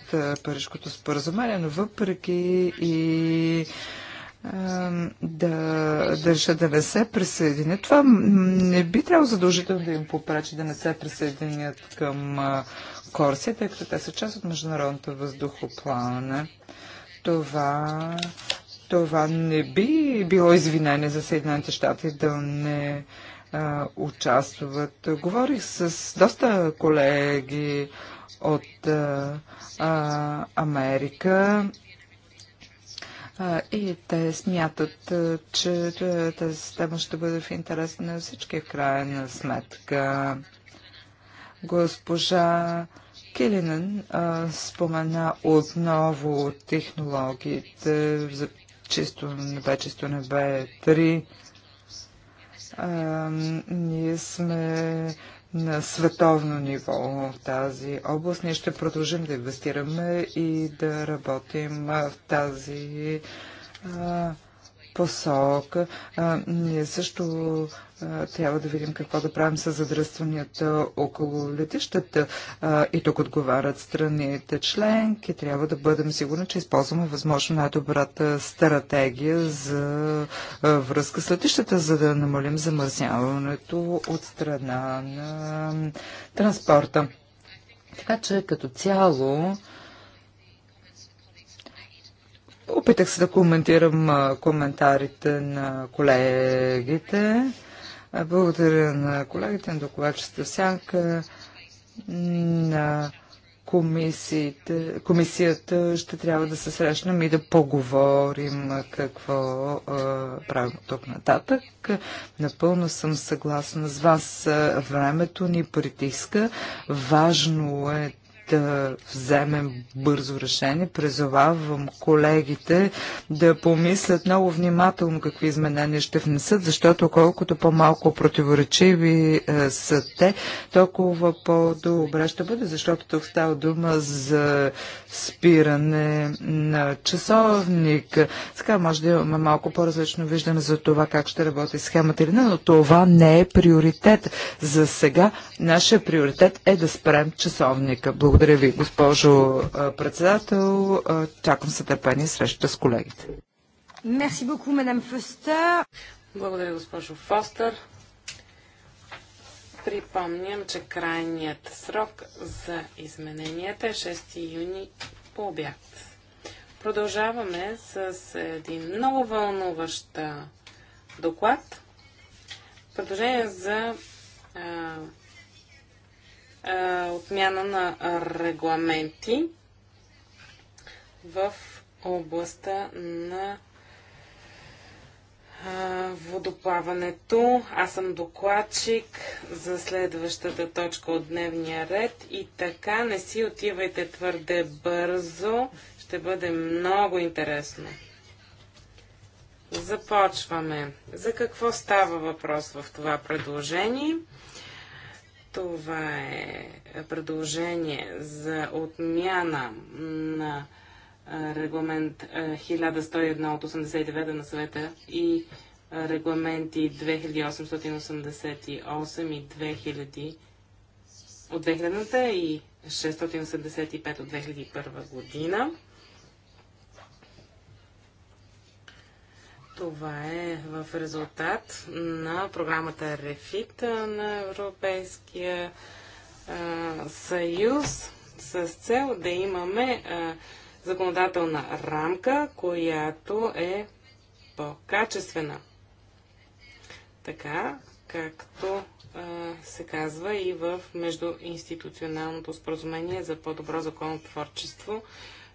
Speaker 3: Парижското споразумение, но въпреки и да, да да не се присъединят. Това не би трябвало задължително да им попречи да не се присъединят към Корсия, тъй като те са част от международното въздухоплаване. Това това не би било извинение за Съединените щати да не а, участват. Говорих с доста колеги от а, а, Америка и те смятат, че тази система ще бъде в интерес на всички в крайна сметка. Госпожа Килинен спомена отново технологиите за чисто небе, чисто небе 3. А, ние сме на световно ниво в тази област. Ние ще продължим да инвестираме и да работим в тази а, посока. А, ние също трябва да видим какво да правим с задръстванията около летищата. И тук отговарят страните членки. Трябва да бъдем сигурни, че използваме възможно най-добрата стратегия за връзка с летищата, за да намалим замърсяването от страна на транспорта. Така че като цяло опитах се да коментирам коментарите на колегите. Благодаря на колегите, на докладчета Сянка, на комисията, комисията ще трябва да се срещнем и да поговорим какво а, правим тук нататък. Напълно съм съгласна с вас. Времето ни притиска. Важно е да вземем бързо решение. Призовавам колегите да помислят много внимателно какви изменения ще внесат, защото колкото по-малко противоречиви е, са те, толкова по-добре ще бъде, защото тук става дума за спиране на часовник. Сега може да имаме малко по-различно виждане за това как ще работи схемата или не, но това не е приоритет. За сега нашия приоритет е да спрем часовника. Благодаря благодаря ви, госпожо председател. Чакам с търпение среща с колегите.
Speaker 2: Мерси мадам Фостер. Благодаря, госпожо Фостер. Припомням, че крайният срок за измененията е 6 юни по обяд. Продължаваме с един много вълнуващ доклад. Предложение за отмяна на регламенти в областта на водоплаването. Аз съм докладчик за следващата точка от дневния ред и така не си отивайте твърде бързо. Ще бъде много интересно. Започваме. За какво става въпрос в това предложение? Това е предложение за отмяна на регламент 1101 от 89 на съвета и регламенти 2888 и 2000 от 2000 и 685 от 2001 година Това е в резултат на програмата Рефит на Европейския а, съюз с цел да имаме а, законодателна рамка, която е по-качествена. Така, както се казва и в междуинституционалното споразумение за по-добро законотворчество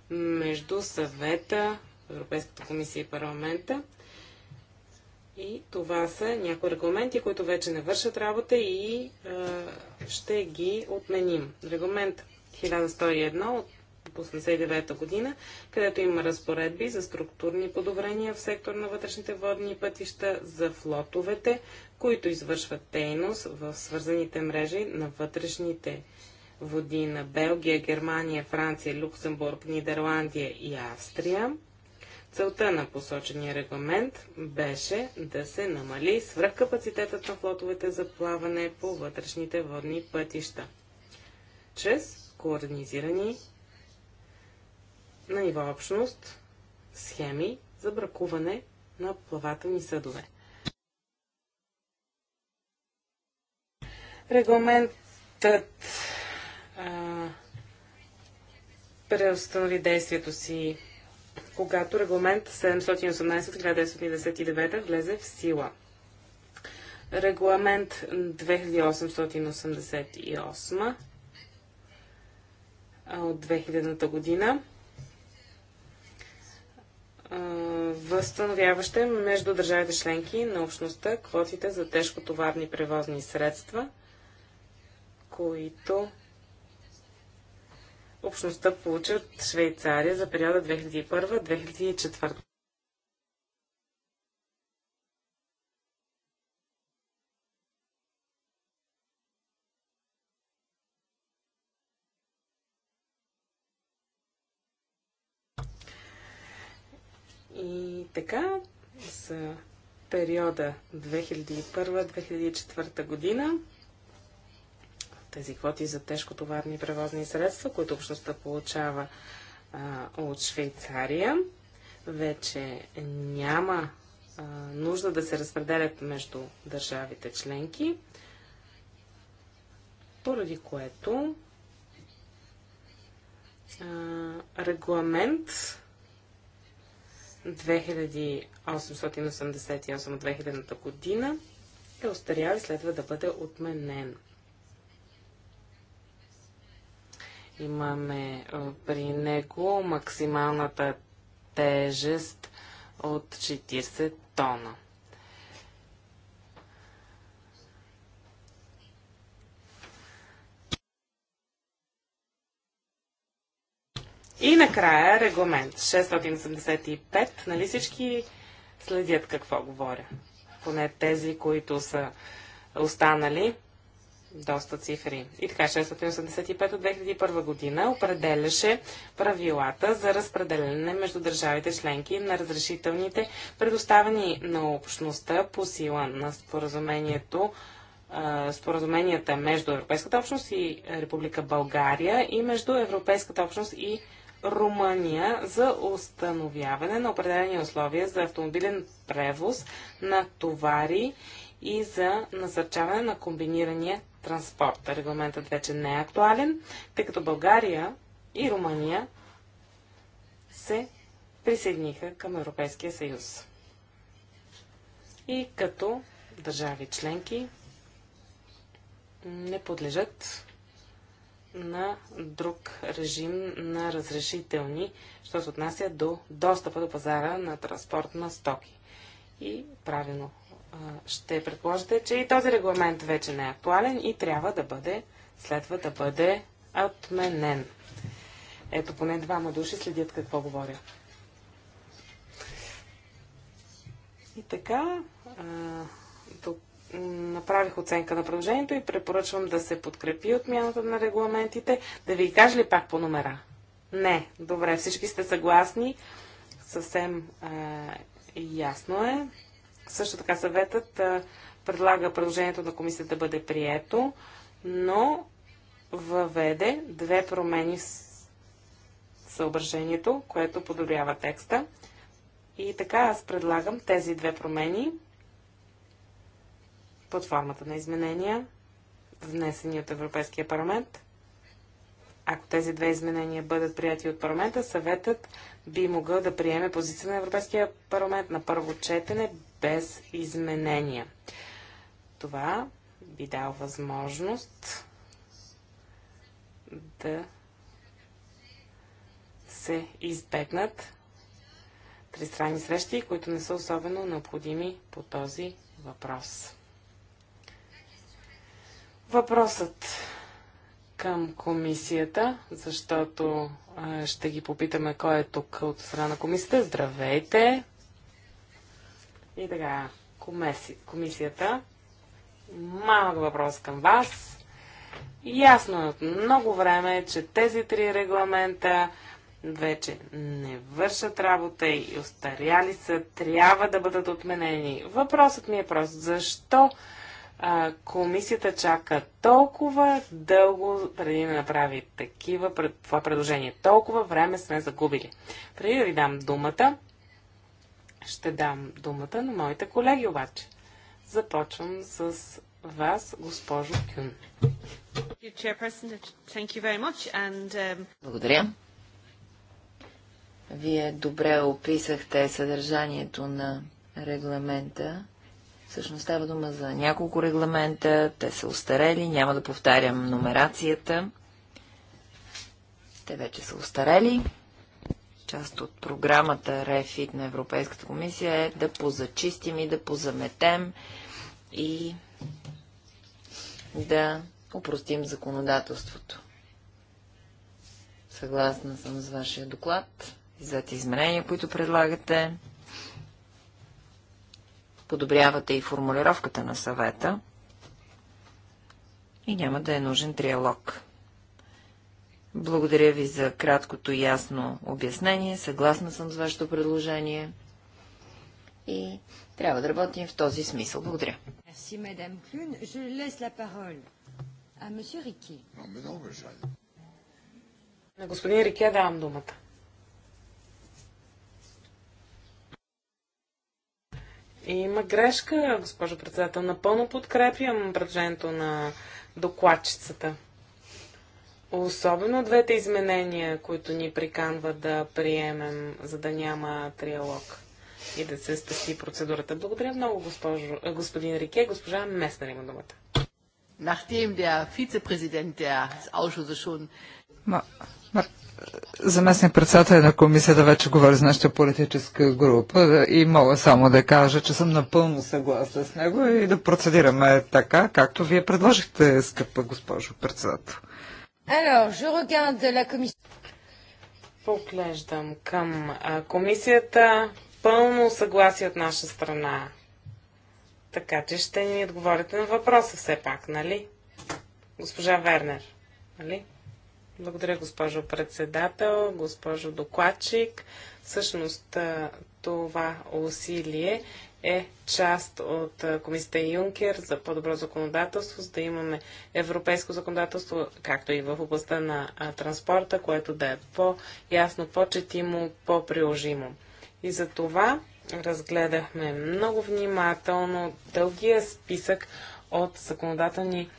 Speaker 2: между съвета, Европейската комисия и парламента. И това са някои регламенти, които вече не вършат работа и е, ще ги отменим. Регламент 1101 от 1989 година, където има разпоредби за структурни подобрения в сектор на вътрешните водни пътища за флотовете, които извършват дейност в свързаните мрежи на вътрешните води на Белгия, Германия, Франция, Люксембург, Нидерландия и Австрия. Целта на посочения регламент беше да се намали свръхкапацитетът на флотовете за плаване по вътрешните водни пътища чрез координизирани на ниво общност схеми за бракуване на плавателни съдове. Регламентът а, преустанови действието си когато регламент 718-1999 влезе в сила. Регламент 2888 от 2000-та година възстановяваща между държавите членки на общността квотите за тежкотоварни превозни средства, които общността получи от Швейцария за периода 2001-2004. И така, за периода 2001-2004 година тези квоти за тежкотоварни превозни средства, които общността получава а, от Швейцария. Вече няма а, нужда да се разпределят между държавите членки, поради което а, регламент 2888 от 2000 година е остарял и следва да бъде отменен. Имаме при него максималната тежест от 40 тона. И накрая регламент 685. Нали всички следят какво говоря? Поне тези, които са останали доста цифри. И така, 685 от 2001 година определяше правилата за разпределене между държавите членки на разрешителните, предоставени на общността по сила на споразумението споразуменията между Европейската общност и Република България и между Европейската общност и Румъния за установяване на определени условия за автомобилен превоз на товари и за насърчаване на комбинирания транспорта. Регламентът вече не е актуален, тъй като България и Румъния се присъединиха към Европейския съюз. И като държави членки не подлежат на друг режим на разрешителни, що се отнася до достъпа до пазара на транспорт на стоки. И правилно ще предположите, че и този регламент вече не е актуален и трябва да бъде, следва да бъде отменен. Ето поне двама души следят какво говоря. И така, направих оценка на предложението и препоръчвам да се подкрепи отмяната на регламентите. Да ви кажа ли пак по номера? Не. Добре, всички сте съгласни. Съвсем е, ясно е. Също така съветът предлага предложението на комисията да бъде прието, но въведе две промени в съображението, което подобрява текста. И така аз предлагам тези две промени под формата на изменения, внесени от Европейския парламент, ако тези две изменения бъдат прияти от парламента, съветът би могъл да приеме позиция на Европейския парламент на първо четене без изменения. Това би дал възможност да се избегнат тристранни срещи, които не са особено необходими по този въпрос. Въпросът към комисията, защото ще ги попитаме кой е тук от страна на комисията. Здравейте! И така, комиси, комисията. Малък въпрос към вас. Ясно е от много време, е, че тези три регламента вече не вършат работа и остаряли са, трябва да бъдат отменени. Въпросът ми е просто: Защо а, комисията чака толкова дълго преди да направи такива, пред, това предложение. Толкова време сме загубили. Преди да ви дам думата, ще дам думата на моите колеги обаче. Започвам с вас, госпожо Кюн. Um, Благодаря. Вие
Speaker 4: добре описахте съдържанието на регламента Всъщност става дума за няколко регламента, те са устарели, няма да повтарям номерацията. Те вече са устарели. Част от програмата РЕФИТ на Европейската комисия е да позачистим и да позаметем и да упростим законодателството. Съгласна съм с вашия доклад и изменения, които предлагате подобрявате и формулировката на съвета и няма да е нужен триалог. Благодаря ви за краткото и ясно обяснение. Съгласна съм с вашето предложение и трябва да работим в този смисъл. Благодаря.
Speaker 1: Merci, madame Клюн. Je laisse la parole à monsieur Riquet.
Speaker 2: На господин Рике давам думата. Има грешка, госпожо председател. Напълно подкрепям предложението на докладчицата. Особено двете изменения, които ни приканват да приемем, за да няма триалог и да се спести процедурата. Благодаря много, госпожо, господин Рике. Госпожа местна, има думата. Nachdem der Vizepräsident des Ausschusses schon
Speaker 3: Заместник председател на комисията вече говори с нашата политическа група и мога само да кажа, че съм напълно съгласна с него и да процедираме така, както вие предложихте, скъпа госпожо председател.
Speaker 2: Поглеждам към комисията. Пълно съгласие от наша страна. Така че ще ни отговорите на въпроса все пак, нали? Госпожа Вернер, нали? Благодаря, госпожо председател, госпожо докладчик. Всъщност това усилие е част от комисията Юнкер за по-добро законодателство, за да имаме европейско законодателство, както и в областта на транспорта, което да е по-ясно, по-четимо, по-приложимо. И за това разгледахме много внимателно дългия списък от законодателни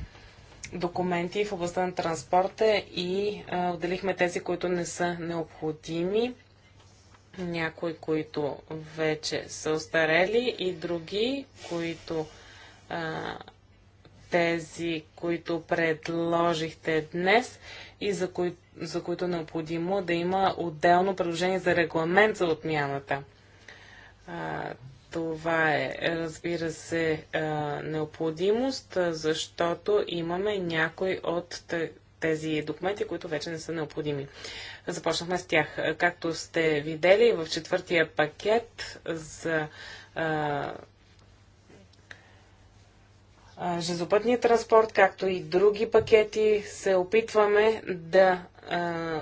Speaker 2: документи в областта на транспорта и отделихме тези, които не са необходими. Някои, които вече са остарели и други, които тези, които предложихте днес и за, кои, за които е необходимо да има отделно предложение за регламент за отмяната. Това е, разбира се, необходимост, защото имаме някой от тези документи, които вече не са необходими. Започнахме с тях. Както сте видели в четвъртия пакет за Жезопътния железопътния транспорт, както и други пакети, се опитваме да а,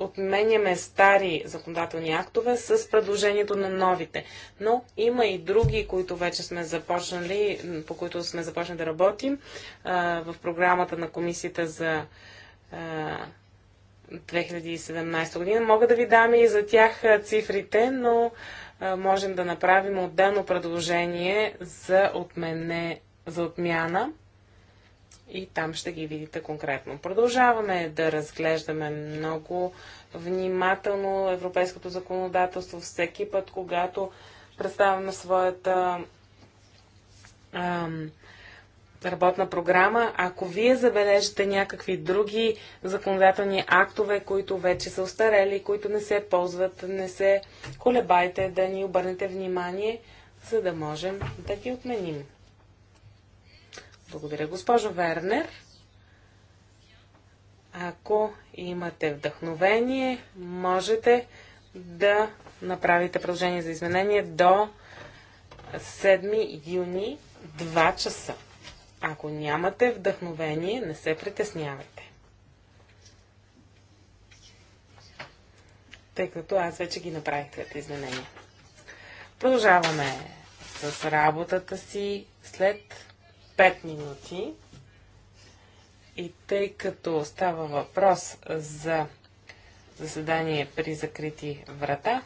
Speaker 2: отменяме стари законодателни актове с предложението на новите. Но има и други, които вече сме започнали, по които сме започнали да работим в програмата на комисията за 2017 година. Мога да ви дам и за тях цифрите, но можем да направим отделно предложение за, отмене, за отмяна и там ще ги видите конкретно. Продължаваме да разглеждаме много внимателно европейското законодателство всеки път, когато представяме своята ам, работна програма. Ако вие забележите някакви други законодателни актове, които вече са устарели, които не се ползват, не се колебайте да ни обърнете внимание, за да можем да ги отменим. Благодаря, госпожо Вернер. Ако имате вдъхновение, можете да направите предложение за изменение до 7 юни 2 часа. Ако нямате вдъхновение, не се притеснявайте. Тъй като аз вече ги направих тези изменения. Продължаваме с работата си след 5 минути. И тъй като става въпрос за заседание при закрити врата,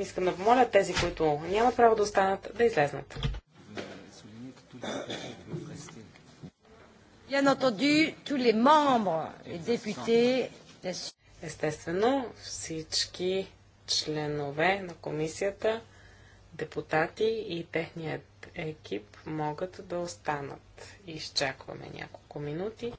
Speaker 2: искам да помоля тези, които няма право да останат, да излезнат. Естествено, всички членове на комисията депутати и техният екип могат да останат. Изчакваме няколко минути.